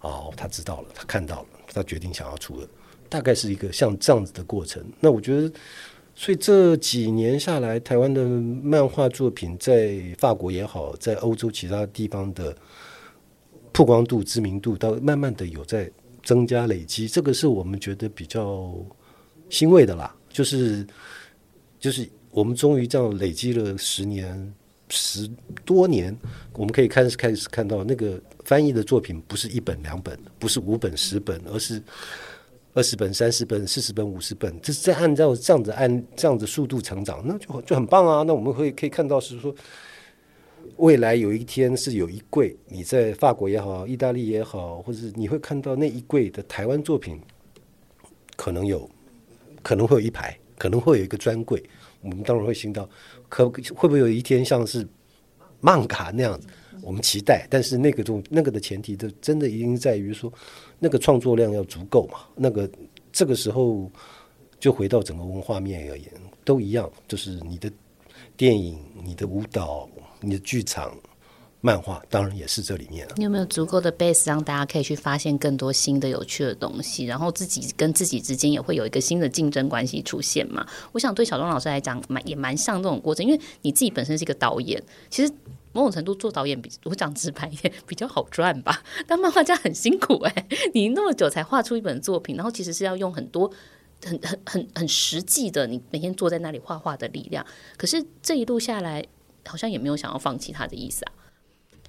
哦，他知道了，他看到了，他決定想要出了，大概是一個像這樣子的過程。那我覺得。所以這幾年下來，台灣的漫畫作品在法國也好，在歐洲其他地方的曝光度、知名度，倒慢慢的有在增加累積，這個是我們覺得比較欣慰的啦。就是就是我們終於這樣累積了十年、十多年，我們可以開始開始看到那個翻譯的作品，不是一本兩本，不是五本十本，而是。二十本、三十本、四十本、五十本，這是在按照這樣子按這樣子速度成長，那就就很棒啊。那我們會可以看到是說，未來有一天是有一櫃，你在法國也好、意大利也好，或者你會看到那一櫃的台灣作品，可能有，可能會有一排，可能會有一個專櫃。我們當然會想到，可會不會有一天像是曼卡那樣子？我們期待，但是那個中那個的前提就真的一定在於說。那個創作量要足夠嘛，那個這個時候就回到整個文化面而言，都一樣，就是你的電影、你的舞蹈、你的劇場、漫畫，當然也是這裡面了、啊。你有沒有足夠的 base，讓大家可以去發現更多新的、有趣的東西？然後自己跟自己之間也會有一個新的競爭關係出現嘛，我想對小莊老師來講，蠻也蠻像這種過程，因為你自己本身是一個導演，其實。某種程度做導演比我講直白一點比較好賺吧。但漫畫家很辛苦哎、欸，你那麼久才畫出一本作品，然後其實是要用很多很很很很實際的，你每天坐在那裡畫畫的力量。可是這一路下來，好像也沒有想要放棄他的意思啊。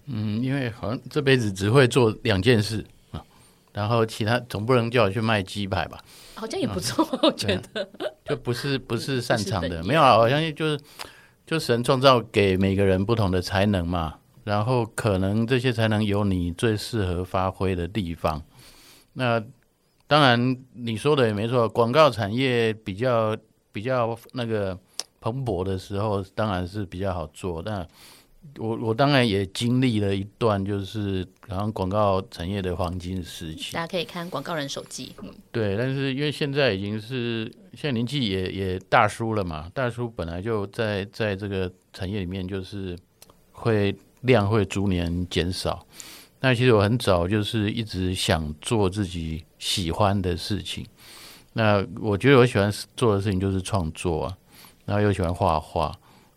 嗯，因為好像這輩子只會做兩件事啊，然後其他總不能叫我去賣雞排吧？好像也不錯，我覺得、啊、就不是不是擅長的，嗯、沒有啊，我相信就是。就神創造給每個人不同的才能嘛，然後可能這些才能有你最適合發揮的地方。那當然你說的也沒錯，廣告產業比較比較那個蓬勃的時候，當然是比較好做。那我我當然也經歷了一段就是，然後廣告產業的黃金時期，大家可以看廣告人手記。嗯，對，但是因為現在已經是。現在年紀也也大叔了嘛，大叔本來就在在這個產業裡面，就是會量會逐年減少。那其實我很早就是一直想做自己喜歡的事情。那我覺得我喜歡做的事情就是創作啊，然後又喜歡畫畫，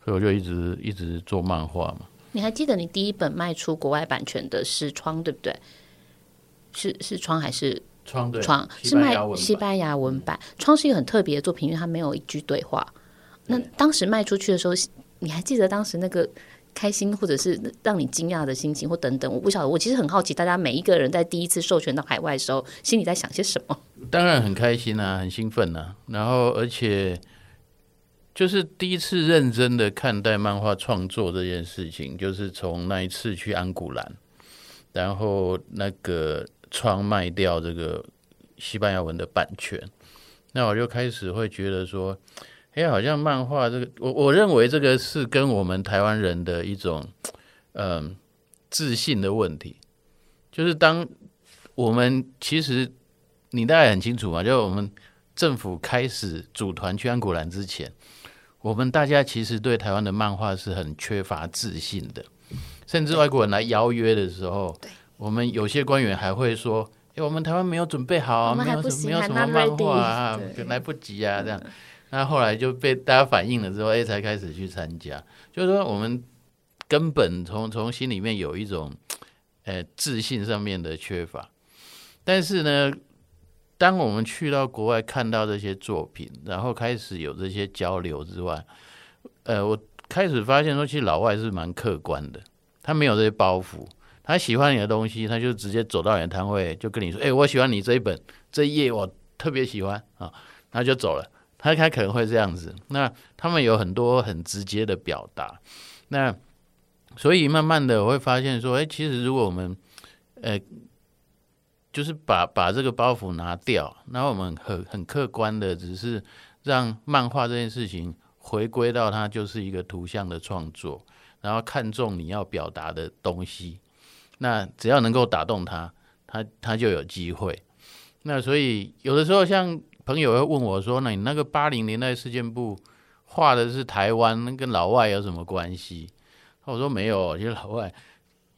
所以我就一直一直做漫畫嘛。你還記得你第一本賣出國外版權的是《窗》對不對？是是《窗》還是？窗？對，窗是賣西班牙文版。嗯、窗是一個很特別的作品，因為它沒有一句對話，對。那當時賣出去的時候，你還記得當時那個開心或者是讓你驚訝的心情，或等等？我不曉得，我其實很好奇，大家每一個人在第一次授權到海外的時候，心裡在想些什麼？當然很開心啊，很興奮吶、啊。然後，而且就是第一次認真的看待漫畫創作這件事情，就是從那一次去安古蘭，然後那個。窗賣掉這個西班牙文的版權，那我就開始會覺得說，哎、欸，好像漫畫這個，我我認為這個是跟我們台灣人的一種，嗯，自信的問題。就是當我們其實你大概很清楚嘛，就我們政府開始組團去安古蘭之前，我們大家其實對台灣的漫畫是很缺乏自信的，甚至外國人來邀約的時候。我們有些官員還會說：“哎，我們台灣沒有準備好啊，沒有沒有什麼漫畫啊，來不及啊，這樣。”那後來就被大家反映了之後，哎，才開始去參加。就是說，我們根本從從心裡面有一種，呃，自信上面的缺乏。但是呢，當我們去到國外看到這些作品，然後開始有這些交流之外，呃，我開始發現說，其實老外是蠻客觀的，他沒有這些包袱。他喜歡你的東西，他就直接走到你的攤位，就跟你說：“哎、欸，我喜歡你這一本，這一頁我特別喜歡。哦”啊，他就走了。他他可能會這樣子。那他們有很多很直接的表達。那所以慢慢的我會發現說：“哎、欸，其實如果我們，呃、欸，就是把把這個包袱拿掉，那我們很很客觀的，只是讓漫畫這件事情回歸到它就是一個圖像的創作，然後看重你要表達的東西。”那只要能夠打動他，他他就有機會。那所以有的時候，像朋友會問我說：“那你那個八零年代事件簿畫的是台灣，那跟老外有什麼關係？”我說：“沒有，就老外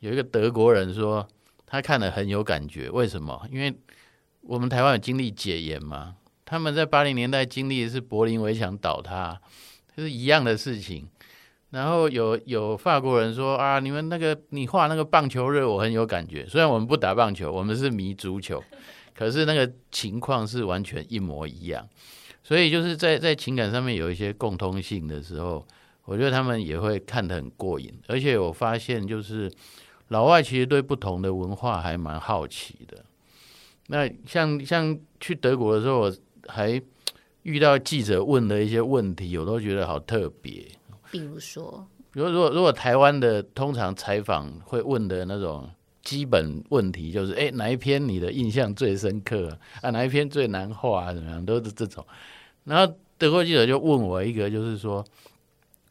有一個德國人說他看了很有感覺，為什麼？因為我們台灣有經歷解嚴嘛，他們在八零年代經歷的是柏林圍牆倒塌，就是一樣的事情。”然後有有法國人說啊，你們那個你畫那個棒球熱，我很有感覺。雖然我們不打棒球，我們是迷足球，可是那個情況是完全一模一樣。所以就是在在情感上面有一些共通性的時候，我覺得他們也會看得很過癮。而且我發現，就是老外其實對不同的文化還蠻好奇的。那像像去德國的時候，我還遇到記者問的一些問題，我都覺得好特別。比如說，比如如果如果台灣的通常採訪會問的那種基本問題，就是哎哪一篇你的印象最深刻啊？啊哪一篇最難畫啊？怎麼樣都是這種。然後德國記者就問我一個，就是說，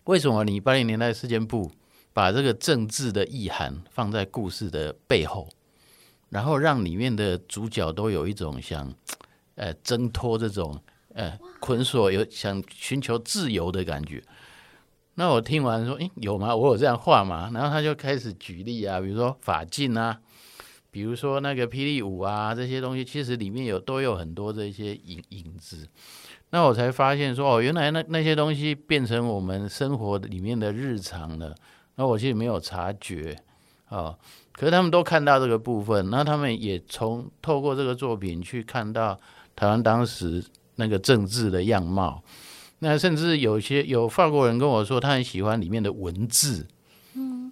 為什麼你八零年代事件簿把這個政治的意涵放在故事的背後，然後讓裡面的主角都有一種想呃掙脫這種呃捆鎖，有想尋求自由的感覺。那我聽完說，誒、欸，有嗎？我有這樣畫嗎？然後他就開始舉例啊，比如說髮禁啊，比如說那個霹靂舞啊，這些東西其實裡面有都有很多這些影影子。那我才發現說，哦，原來那那些東西變成我們生活裡面的日常了。那我其實沒有察覺哦。可是他們都看到這個部分，那他們也從透過這個作品去看到台灣當時那個政治的樣貌。那甚至有些有法國人跟我說，他很喜歡裡面的文字。嗯，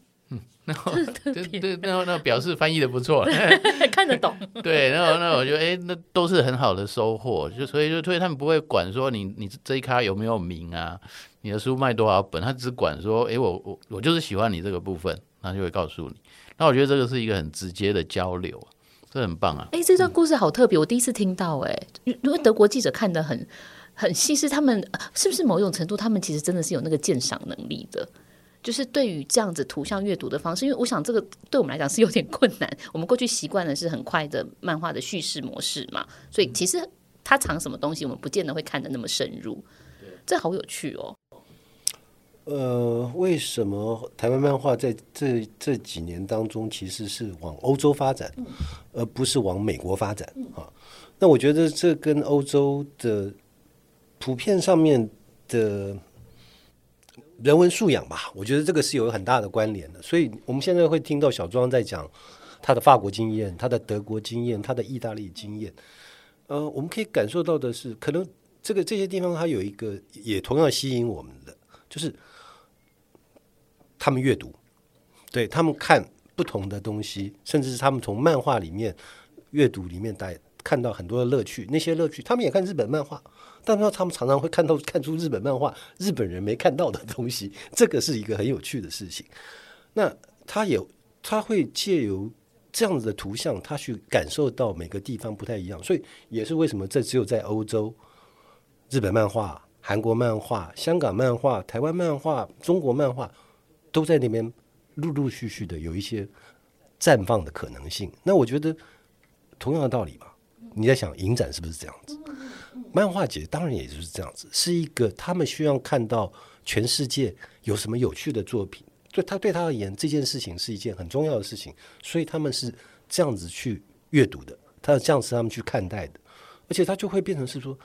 然後那對對，那那，那表示翻譯的不錯， *laughs* 看得懂。 *laughs* 對，然後那我覺得，哎、欸，那都是很好的收穫。就所以就，就所以他們不會管說你你這一咖有沒有名啊，你的書賣多少本，他只管說，哎、欸，我我我就是喜歡你這個部分，他就會告訴你。那我覺得這個是一個很直接的交流，這很棒啊。哎、欸，這段故事好特別，嗯、我第一次聽到、欸。哎，因為德國記者看得很。很細緻，他們是不是某種程度，他們其實真的是有那個鑑賞能力的？就是對於這樣子圖像閱讀的方式，因為我想這個對我們來講是有點困難。我們過去習慣的是很快的漫畫的敘事模式嘛，所以其實他藏什麼東西，我們不見得會看得那麼深入。這好有趣哦。呃，為什麼台灣漫畫在這這幾年當中其實是往歐洲發展，嗯、而不是往美國發展、嗯、啊？那我覺得這跟歐洲的。圖片上面的人文素養吧，我覺得這個是有很大的關聯的。所以我們現在會聽到小莊在講他的法國經驗、他的德國經驗、他的意大利經驗。呃，我們可以感受到的是，可能這個這些地方它有一個也同樣吸引我們的，就是他們閱讀，對，他們看不同的東西，甚至是他們從漫畫裡面閱讀裡面帶看到很多的樂趣。那些樂趣，他們也看日本漫畫。但是他們常常會看到看出日本漫畫日本人沒看到的東西，這個是一個很有趣的事情。那他有他會借由這樣子的圖像，他去感受到每個地方不太一樣，所以也是為什麼這只有在歐洲、日本漫畫、韓國漫畫、香港漫畫、台灣漫畫、中國漫畫都在那邊陸陸續續的有一些綻放的可能性。那我覺得同樣的道理吧，你在想影展是不是這樣子？漫畫節當然也就是這樣子，是一個他們需要看到全世界有什麼有趣的作品，對他，對他而言這件事情是一件很重要的事情，所以他們是這樣子去閱讀的，他是這樣子他們去看待的，而且他就會變成是說，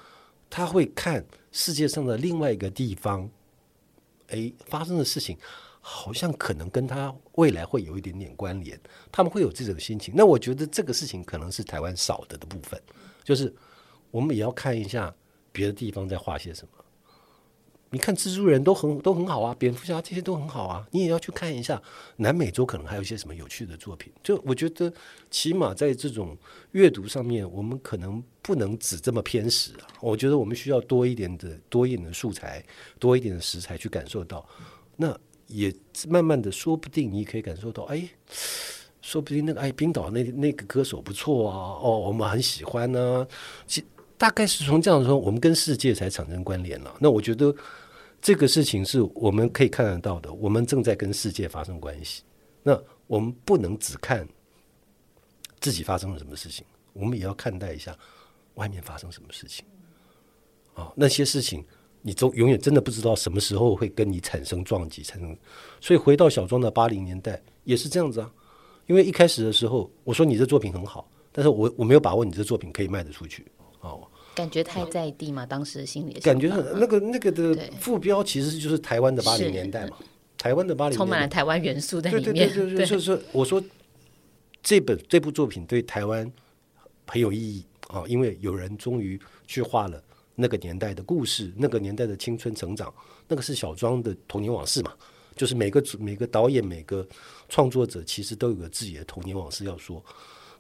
他會看世界上的另外一個地方，哎，發生的事情好像可能跟他未來會有一點點關聯，他們會有這種心情。那我覺得這個事情可能是台灣少的的部分，就是。我們也要看一下別的地方在畫些什麼。你看蜘蛛人都很都很好啊，蝙蝠俠這些都很好啊。你也要去看一下南美洲可能還有一些什麼有趣的作品。就我覺得，起碼在這種閱讀上面，我們可能不能只這麼偏食啊。我覺得我們需要多一點的多一點的素材，多一點的食材去感受到。那也慢慢的，說不定你可以感受到，哎，說不定那個哎，冰島那那個歌手不錯啊，哦，我們很喜歡呢、啊。其大概是從這樣的時候，我們跟世界才產生關聯了。那我覺得這個事情是我們可以看得到的，我們正在跟世界發生關係。那我們不能只看自己發生了什麼事情，我們也要看待一下外面發生什麼事情。啊、哦，那些事情你都永遠真的不知道什麼時候會跟你產生撞擊，產生。所以回到小莊的八零年代也是這樣子啊，因為一開始的時候我說，你這作品很好，但是我我沒有把握你這作品可以賣得出去啊。哦感覺太在地嘛，嗯、當時心裡、啊、感覺很那個那個的副標其實就是台灣的八零年代嘛，台灣的八零充滿了台灣元素在裡面。對對對，就是說我說這本這部作品對台灣很有意義啊、哦，因為有人終於去畫了那個年代的故事，那個年代的青春成長，那個是小莊的童年往事嘛。就是每個每個導演每個創作者其實都有個自己的童年往事要說，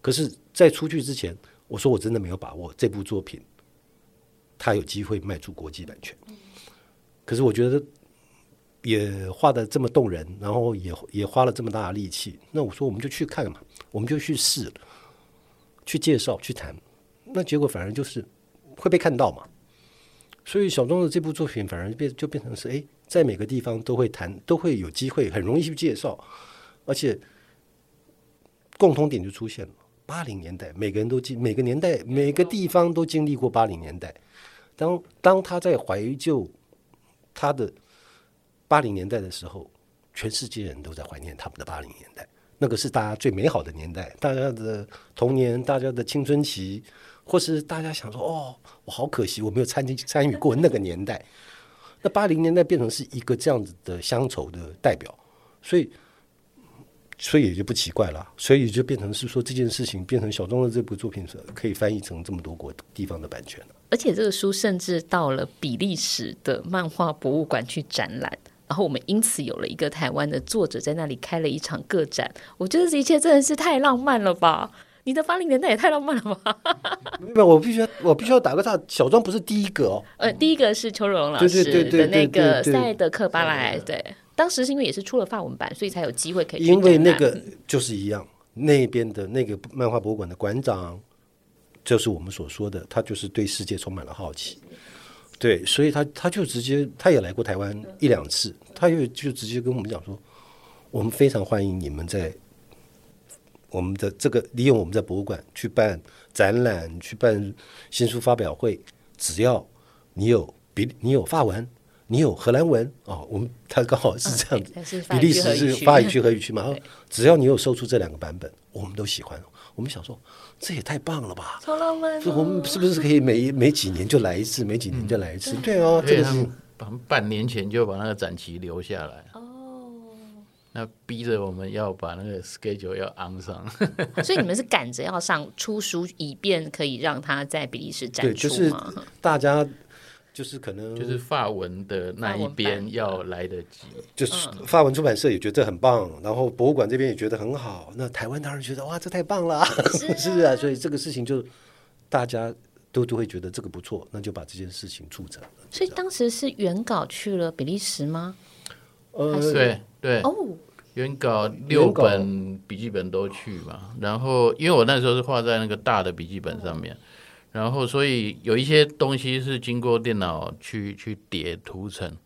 可是，在出去之前，我說我真的沒有把握這部作品。他有機會賣出國際版權，可是我覺得也畫得這麼動人，然後也也花了這麼大的力氣。那我說我們就去看看嘛，我們就去試，去介紹，去談。那結果反而就是會被看到嘛。所以小莊的這部作品反而就變就變成是哎、欸，在每個地方都會談，都會有機會，很容易去介紹，而且共同點就出現了。八零年代，每個人都經每個年代每個地方都經歷過八零年代。當當他在懷舊，他的八零年代的時候，全世界人都在懷念他們的八零年代。那個是大家最美好的年代，大家的童年，大家的青春期，或是大家想說：“哦，我好可惜，我沒有參進參與過那個年代。”那八零年代變成是一個這樣子的鄉愁的代表，所以。所以也就不奇怪了，所以就變成是說，這件事情變成小莊的這部作品可以翻譯成這麼多國地方的版權，而且這個書甚至到了比利時的漫畫博物館去展覽，然後我們因此有了一個台灣的作者在那裡開了一場個展。我覺得這一切真的是太浪漫了吧！你的八零年代也太浪漫了吧！沒有，我必須我必須要打個岔，小莊不是第一個哦。呃，第一個是邱若龍老師的那個《賽德克巴萊》對。當時是因為也是出了法文版，所以才有機會可以去展覽。因為那個就是一樣，那邊的那個漫畫博物館的館長，就是我們所說的，他就是對世界充滿了好奇，對，所以他他就直接他也來過台灣一兩次，嗯、他就就直接跟我們講說、嗯，我們非常歡迎你們在我們的這個利用我們在博物館去辦展覽、去辦新書發表會，只要你有筆，你有法文。你有荷蘭文哦，我們他剛好是這樣子，okay, 發一比利時是法語區和語區嘛，只要你有收出這兩個版本，我們都喜歡。我們想說，這也太棒了吧！超浪漫啊、我們是不是可以每每幾年就來一次，每幾年就來一次？嗯、對啊對，這個是，半半年前就把那個展期留下來哦，那逼着我們要把那個 schedule 要 on 上， *laughs* 所以你們是趕着要上出書，以便可以讓他在比利時展出、就是大家。就是可能就是法文的那一邊要來得及，就是法文出版社也覺得很棒，嗯、然後博物館這邊也覺得很好，那台灣當然覺得哇，這太棒了，是不、啊、是啊？所以這個事情就大家都都會覺得這個不錯，那就把這件事情促成了，所以當時是原稿去了比利時嗎？嗯，對對哦，原稿六本筆記本都去嘛，然後因為我那時候是畫在那個大的筆記本上面。嗯然後，所以有一些東西是經過電腦去去疊圖層，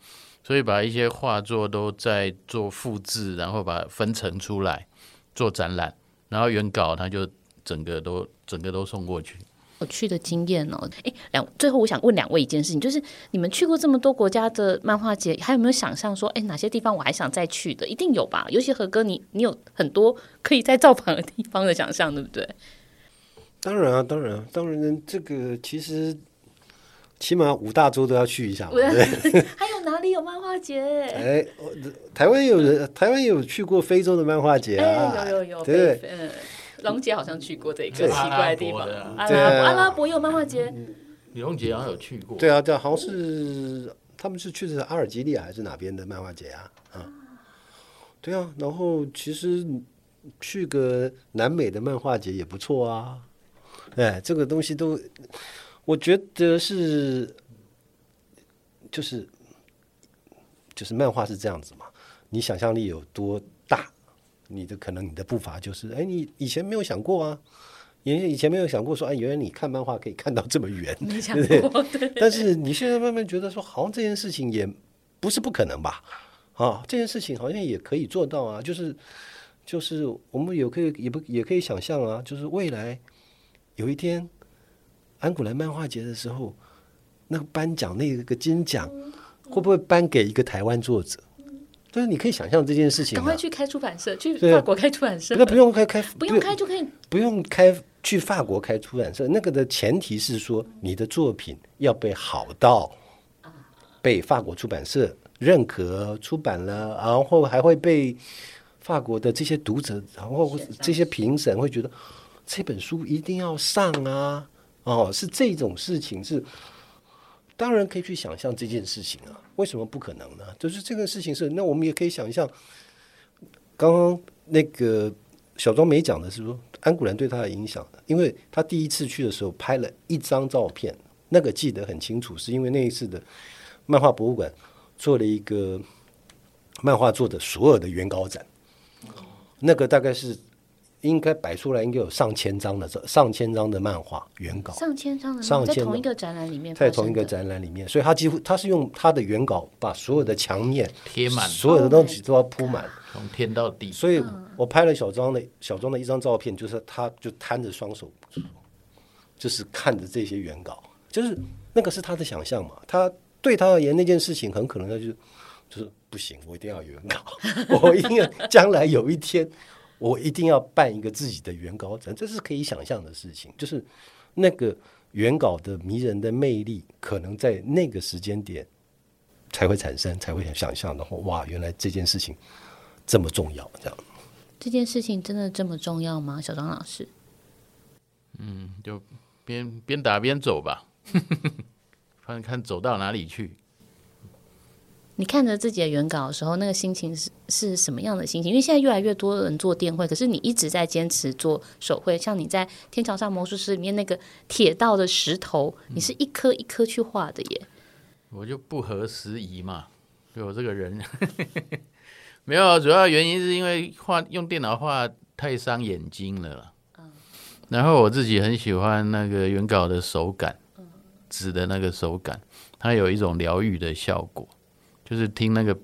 所以把一些畫作都在做複制，然後把它分層出來做展覽，然後原稿它就整個都整個都送過去。有趣的經驗哦，誒，兩最後我想問兩位一件事情，就是你們去過這麼多國家的漫畫節，還有沒有想象說，哎，哪些地方我還想再去的？一定有吧？尤其和哥你，你你有很多可以再造訪的地方的想象，對不對？當然啊，當然啊，當然，這個其實起碼五大洲都要去一下嘛。對 *laughs* 還有哪裡有漫畫節？哎，哦、台灣有人，台灣有去過非洲的漫畫節啊，哎、有有有。對，嗯、呃，龍姐好像去過這一個奇怪的地方，嗯，對啊，阿對啊啊，阿拉伯，阿拉伯有漫畫節。李、嗯、龍杰好像有去過，嗯。對啊，對啊，好像是、嗯、他們是去的是阿爾及利亞還是哪邊的漫畫節啊、嗯？啊，對啊，然後其實去個南美的漫畫節也不錯啊。哎，這個東西都，我覺得是，就是，就是漫畫是這樣子嘛。你想象力有多大，你的可能你的步伐就是，哎，你以前沒有想過啊，也以前沒有想過說，哎，原來你看漫畫可以看到這麼遠，對不對？但是你現在慢慢覺得說，好像這件事情也不是不可能吧？啊，這件事情好像也可以做到啊，就是就是我們也可以也不也可以想象啊，就是未來。有一天，安古蘭漫畫節的時候，那個頒獎那個金獎、嗯嗯、會不會頒給一個台灣作者？就、嗯、是你可以想象這件事情，趕快去開出版社，去法國開出版社。那不，不用開開，不用開就可以，不用開去法國開出版社。那個的前提是說，嗯、你的作品要被好到、嗯、被法國出版社認可出版了，然後還會被法國的這些讀者，然後這些評審會覺得。這本書一定要上啊！哦，是這種事情是，當然可以去想象這件事情啊。為什麼不可能呢？就是這個事情是，那我們也可以想象，剛剛那個小莊沒講的是說，安古蘭對他的影響，因為他第一次去的時候拍了一張照片，那個記得很清楚，是因為那一次的漫畫博物館做了一個漫畫做的所有的原稿展，那個大概是。應該擺出來，應該有上千張的這上千張的漫畫原稿，上千張的在同一個展覽裡面，在同一個展覽裡面，所以他幾乎他是用他的原稿把所有的牆面貼滿，所有的東西都要鋪滿，從天到地。所以我拍了小莊的小莊的小莊的一張照片，就是他就攤着雙手，就是看着這些原稿，就是那個是他的想象嘛。他對他而言，那件事情很可能他就就是不行，我一定要原稿，我一定要將來有一天。我一定要辦一個自己的原稿展，這是可以想象的事情。就是那個原稿的迷人的魅力，可能在那個時間點才會產生，才會想象，然後哇，原來這件事情這麼重要，這樣。這件事情真的這麼重要嗎，小莊老師？嗯，就邊邊打邊走吧，看 *laughs* 看走到哪裡去。你看着自己的原稿的時候，那個心情是是什麼樣的心情？因為現在越來越多人做電繪，可是你一直在堅持做手繪。像你在《天橋上魔術師》裡面那個鐵道的石頭，你是一顆一顆去畫的耶。嗯。我就不合時宜嘛，我這個人呵呵沒有，主要原因是因為畫用電腦畫太傷眼睛了。嗯。然後我自己很喜歡那個原稿的手感，紙的那個手感，它有一種療癒的效果。就是聽那個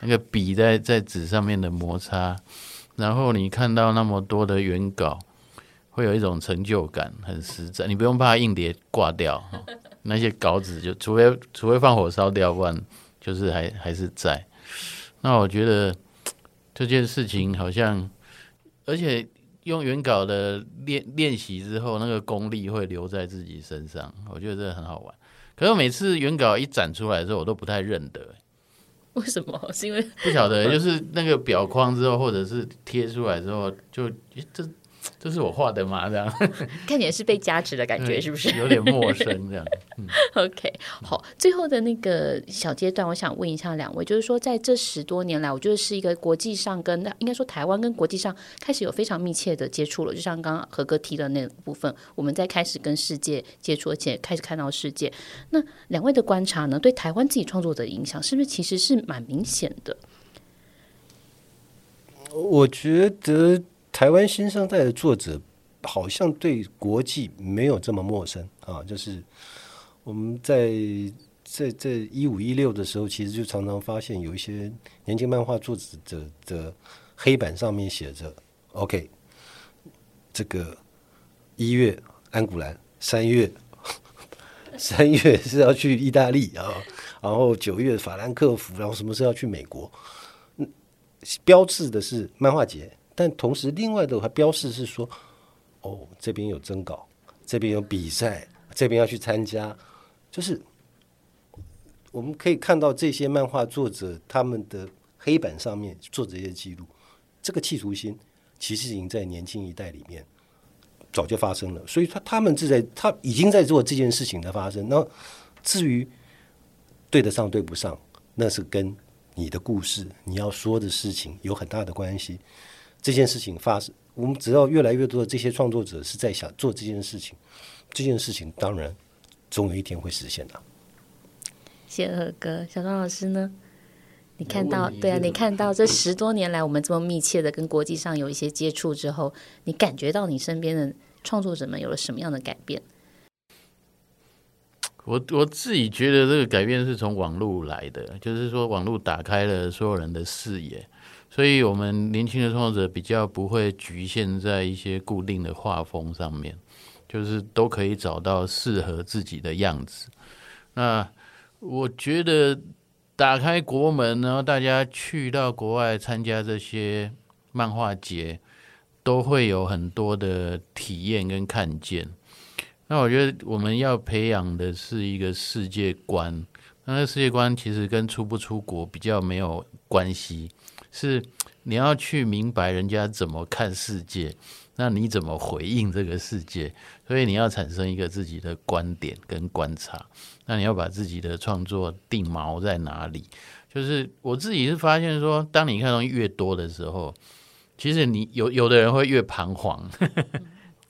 那個筆在在紙上面的摩擦，然後你看到那麼多的原稿，會有一種成就感，很實在。你不用怕硬碟掛掉，哦，那些稿子就除非除非放火燒掉，不然就是還還是在。那我覺得這件事情好像，而且用原稿的練練習之後，那個功力會留在自己身上，我覺得這個很好玩。可是每次原稿一展出來的時候，我都不太認得，欸，為什麼？是因為不曉得，欸，就是那個裱框之後，或者是貼出來之後，就、欸、這。這是我畫的嗎？這樣 *laughs* 看起來是被加持的感覺，是不是？ *laughs* 有點陌生，這樣。 *laughs* OK，好，最後的那個小階段，我想問一下兩位，就是說在這十多年來，我覺得是一個國際上跟應該說台灣跟國際上開始有非常密切的接觸了。就像剛剛和哥提的那部分，我們在開始跟世界接觸，而且開始看到世界。那兩位的觀察呢，對台灣自己創作者的影響，是不是其實是蠻明顯的？我覺得。台灣新生代的作者好像對國際沒有這麼陌生啊，就是我們在在在一五一六的時候，其實就常常發現有一些年輕漫畫作者的的黑板上面寫着 “OK”，這個一月安古蘭，三月三月是要去意大利啊，然後九月法蘭克福，然後什麼時候要去美國？嗯，標誌的是漫畫節。但同時，另外的話，標示是說，哦，這邊有徵稿，這邊有比賽，這邊要去參加，就是我們可以看到這些漫畫作者他們的黑板上面做這些記錄，這個企圖心其實已經在年輕一代裡面早就發生了，所以他他們正在他已經在做這件事情的發生。那至於對得上對不上，那是跟你的故事你要說的事情有很大的關係。這件事情發生，我們只要越來越多的這些創作者是在想做這件事情，這件事情當然總有一天會實現的。健和哥，小莊老師呢？你看到你對啊，你看到這十多年來，我們這麼密切的跟國際上有一些接觸之後，你感覺到你身邊的創作者們有了什麼樣的改變？我我自己覺得這個改變是從網絡來的，就是說網絡打開了所有人的視野。所以，我們年輕的創作者比較不會侷限在一些固定的畫風上面，就是都可以找到適合自己的樣子。那我覺得打開國門，然後大家去到國外參加這些漫畫節，都會有很多的體驗跟看見。那我覺得我們要培養的是一個世界觀，那世界觀其實跟出不出國比較沒有關係。是，你要去明白人家怎麼看世界，那你怎麼回應這個世界？所以你要產生一個自己的觀點跟觀察。那你要把自己的創作定錨在哪裡？就是我自己是發現說，當你看東西越多的時候，其實你有有的人會越彷徨，呵呵，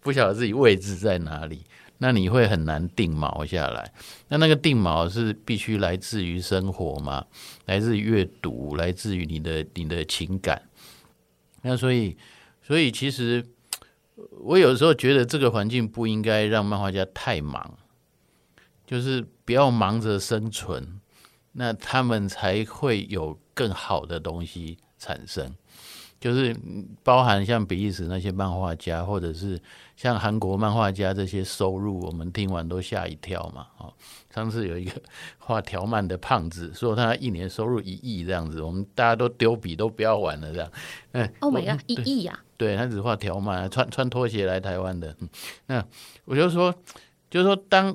不曉得自己位置在哪裡。那你會很難定錨下來。那那個定錨是必須來自於生活嗎？來自於閱讀，來自於你的你的情感。那所以，所以其實我有時候覺得這個環境不應該讓漫畫家太忙，就是不要忙着生存，那他們才會有更好的東西產生。就是包含像比利時那些漫畫家，或者是像韓國漫畫家這些收入，我們聽完都嚇一跳嘛。哦，上次有一個畫條漫的胖子，說他一年收入一億這樣子，我們大家都丟筆都不要玩了這樣。哦、oh my god，一億啊！對，他只畫條漫，穿穿拖鞋來台灣的。那我就說，就是說當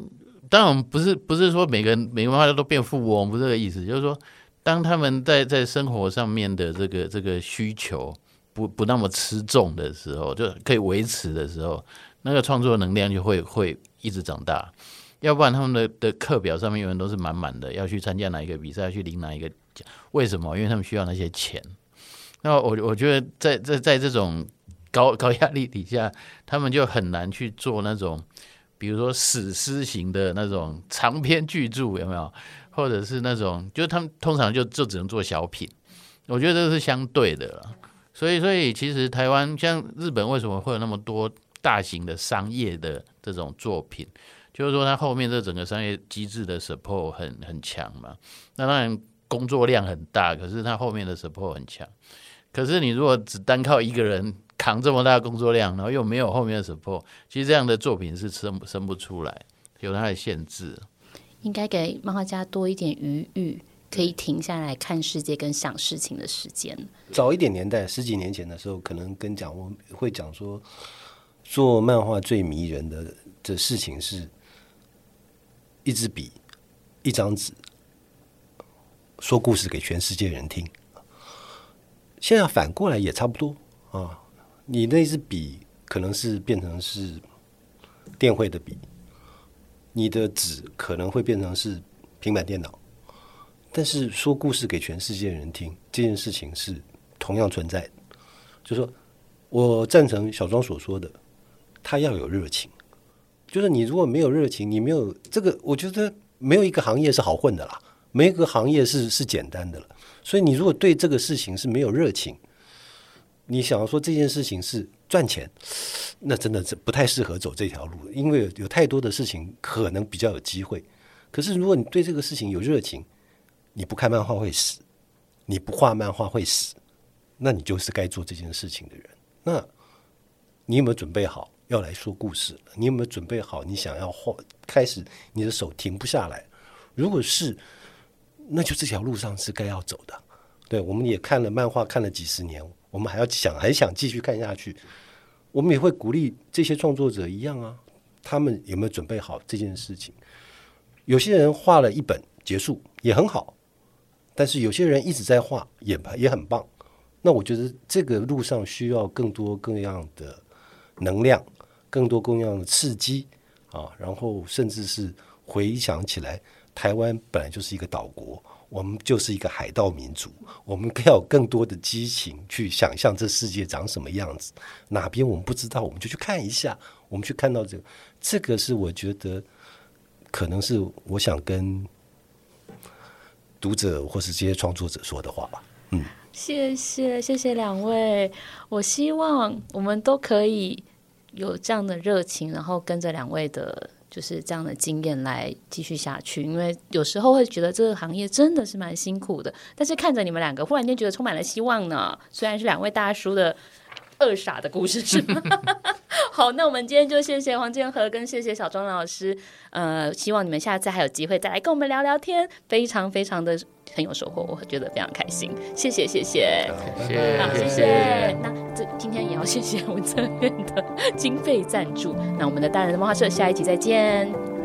當我們不是不是說每個人每個漫畫家都變富翁，我不是這個意思，就是說。當他們在在生活上面的這個這個需求不不那麼吃重的時候，就可以維持的時候，那個創作能量就會會一直長大。要不然他們的的課表上面永遠都是滿滿的，要去參加哪一個比賽，要去領哪一個獎。為什麼？因為他們需要那些錢。那我我覺得在在在這種高高壓力底下，他們就很難去做那種，比如說史詩型的那種長篇巨著，有沒有？或者是那種，就是他們通常就就只能做小品，我覺得這是相對的了。所以，所以其實台灣像日本，為什麼會有那麼多大型的商業的這種作品？就是說，它後面這整個商業機制的 support 很很強嘛。那當然工作量很大，可是它後面的 support 很強。可是你如果只單靠一個人扛這麼大的工作量，然後又沒有後面的 support，其實這樣的作品是生不生不出來，有它的限制。應該給漫畫家多一點餘裕，可以停下來看世界跟想事情的時間。早一點年代，十幾年前的時候，可能跟講我會講說，做漫畫最迷人的這事情是一支筆、一張紙，說故事給全世界人聽。現在反過來也差不多啊，你那支筆可能是變成是電繪的筆。你的紙可能會變成是平板電腦，但是說故事給全世界人聽這件事情是同樣存在的。就說，我贊成小莊所說的，他要有熱情。就是你如果沒有熱情，你沒有這個，我覺得沒有一個行業是好混的啦，沒一個行業是是簡單的了。所以你如果對這個事情是沒有熱情。你想要說這件事情是賺錢，那真的是不太適合走這條路，因為有太多的事情可能比較有機會。可是如果你對這個事情有熱情，你不看漫畫會死，你不畫漫畫會死，那你就是該做這件事情的人。那你有沒有準備好要來說故事？你有沒有準備好？你想要畫，開始你的手停不下來。如果是，那就這條路上是該要走的。對，我們也看了漫畫看了幾十年。我們還要想，還想繼續看下去。我們也會鼓勵這些創作者一樣啊，他們有沒有準備好這件事情？有些人畫了一本結束也很好，但是有些人一直在畫，也也很棒。那我覺得這個路上需要更多各樣的能量，更多各樣的刺激啊。然後甚至是回想起來，台灣本來就是一個島國。我們就是一個海盜民族，我們要有更多的激情去想象這世界長什麼樣子，哪邊我們不知道，我們就去看一下，我們去看到這個，這個是我覺得可能是我想跟讀者或是這些創作者說的話吧。嗯，謝謝，謝謝兩位，我希望我們都可以有這樣的熱情，然後跟着兩位的。就是這樣的經驗來繼續下去，因為有時候會覺得這個行業真的是蠻辛苦的，但是看着你們兩個，忽然間覺得充滿了希望呢。雖然是兩位大叔的。二傻的故事是嗎？ *laughs* *laughs* 好，那我們今天就謝謝黃健和，跟謝謝小莊老師。呃，希望你們下次還有機會再來跟我們聊聊天，非常非常的很有收穫，我覺得非常開心。謝謝，謝謝，嗯謝，謝，謝，謝，啊、謝謝，謝謝。那這今天也要謝謝我們這邊的經費贊助。那我們的大人的漫畫社，下一集再見。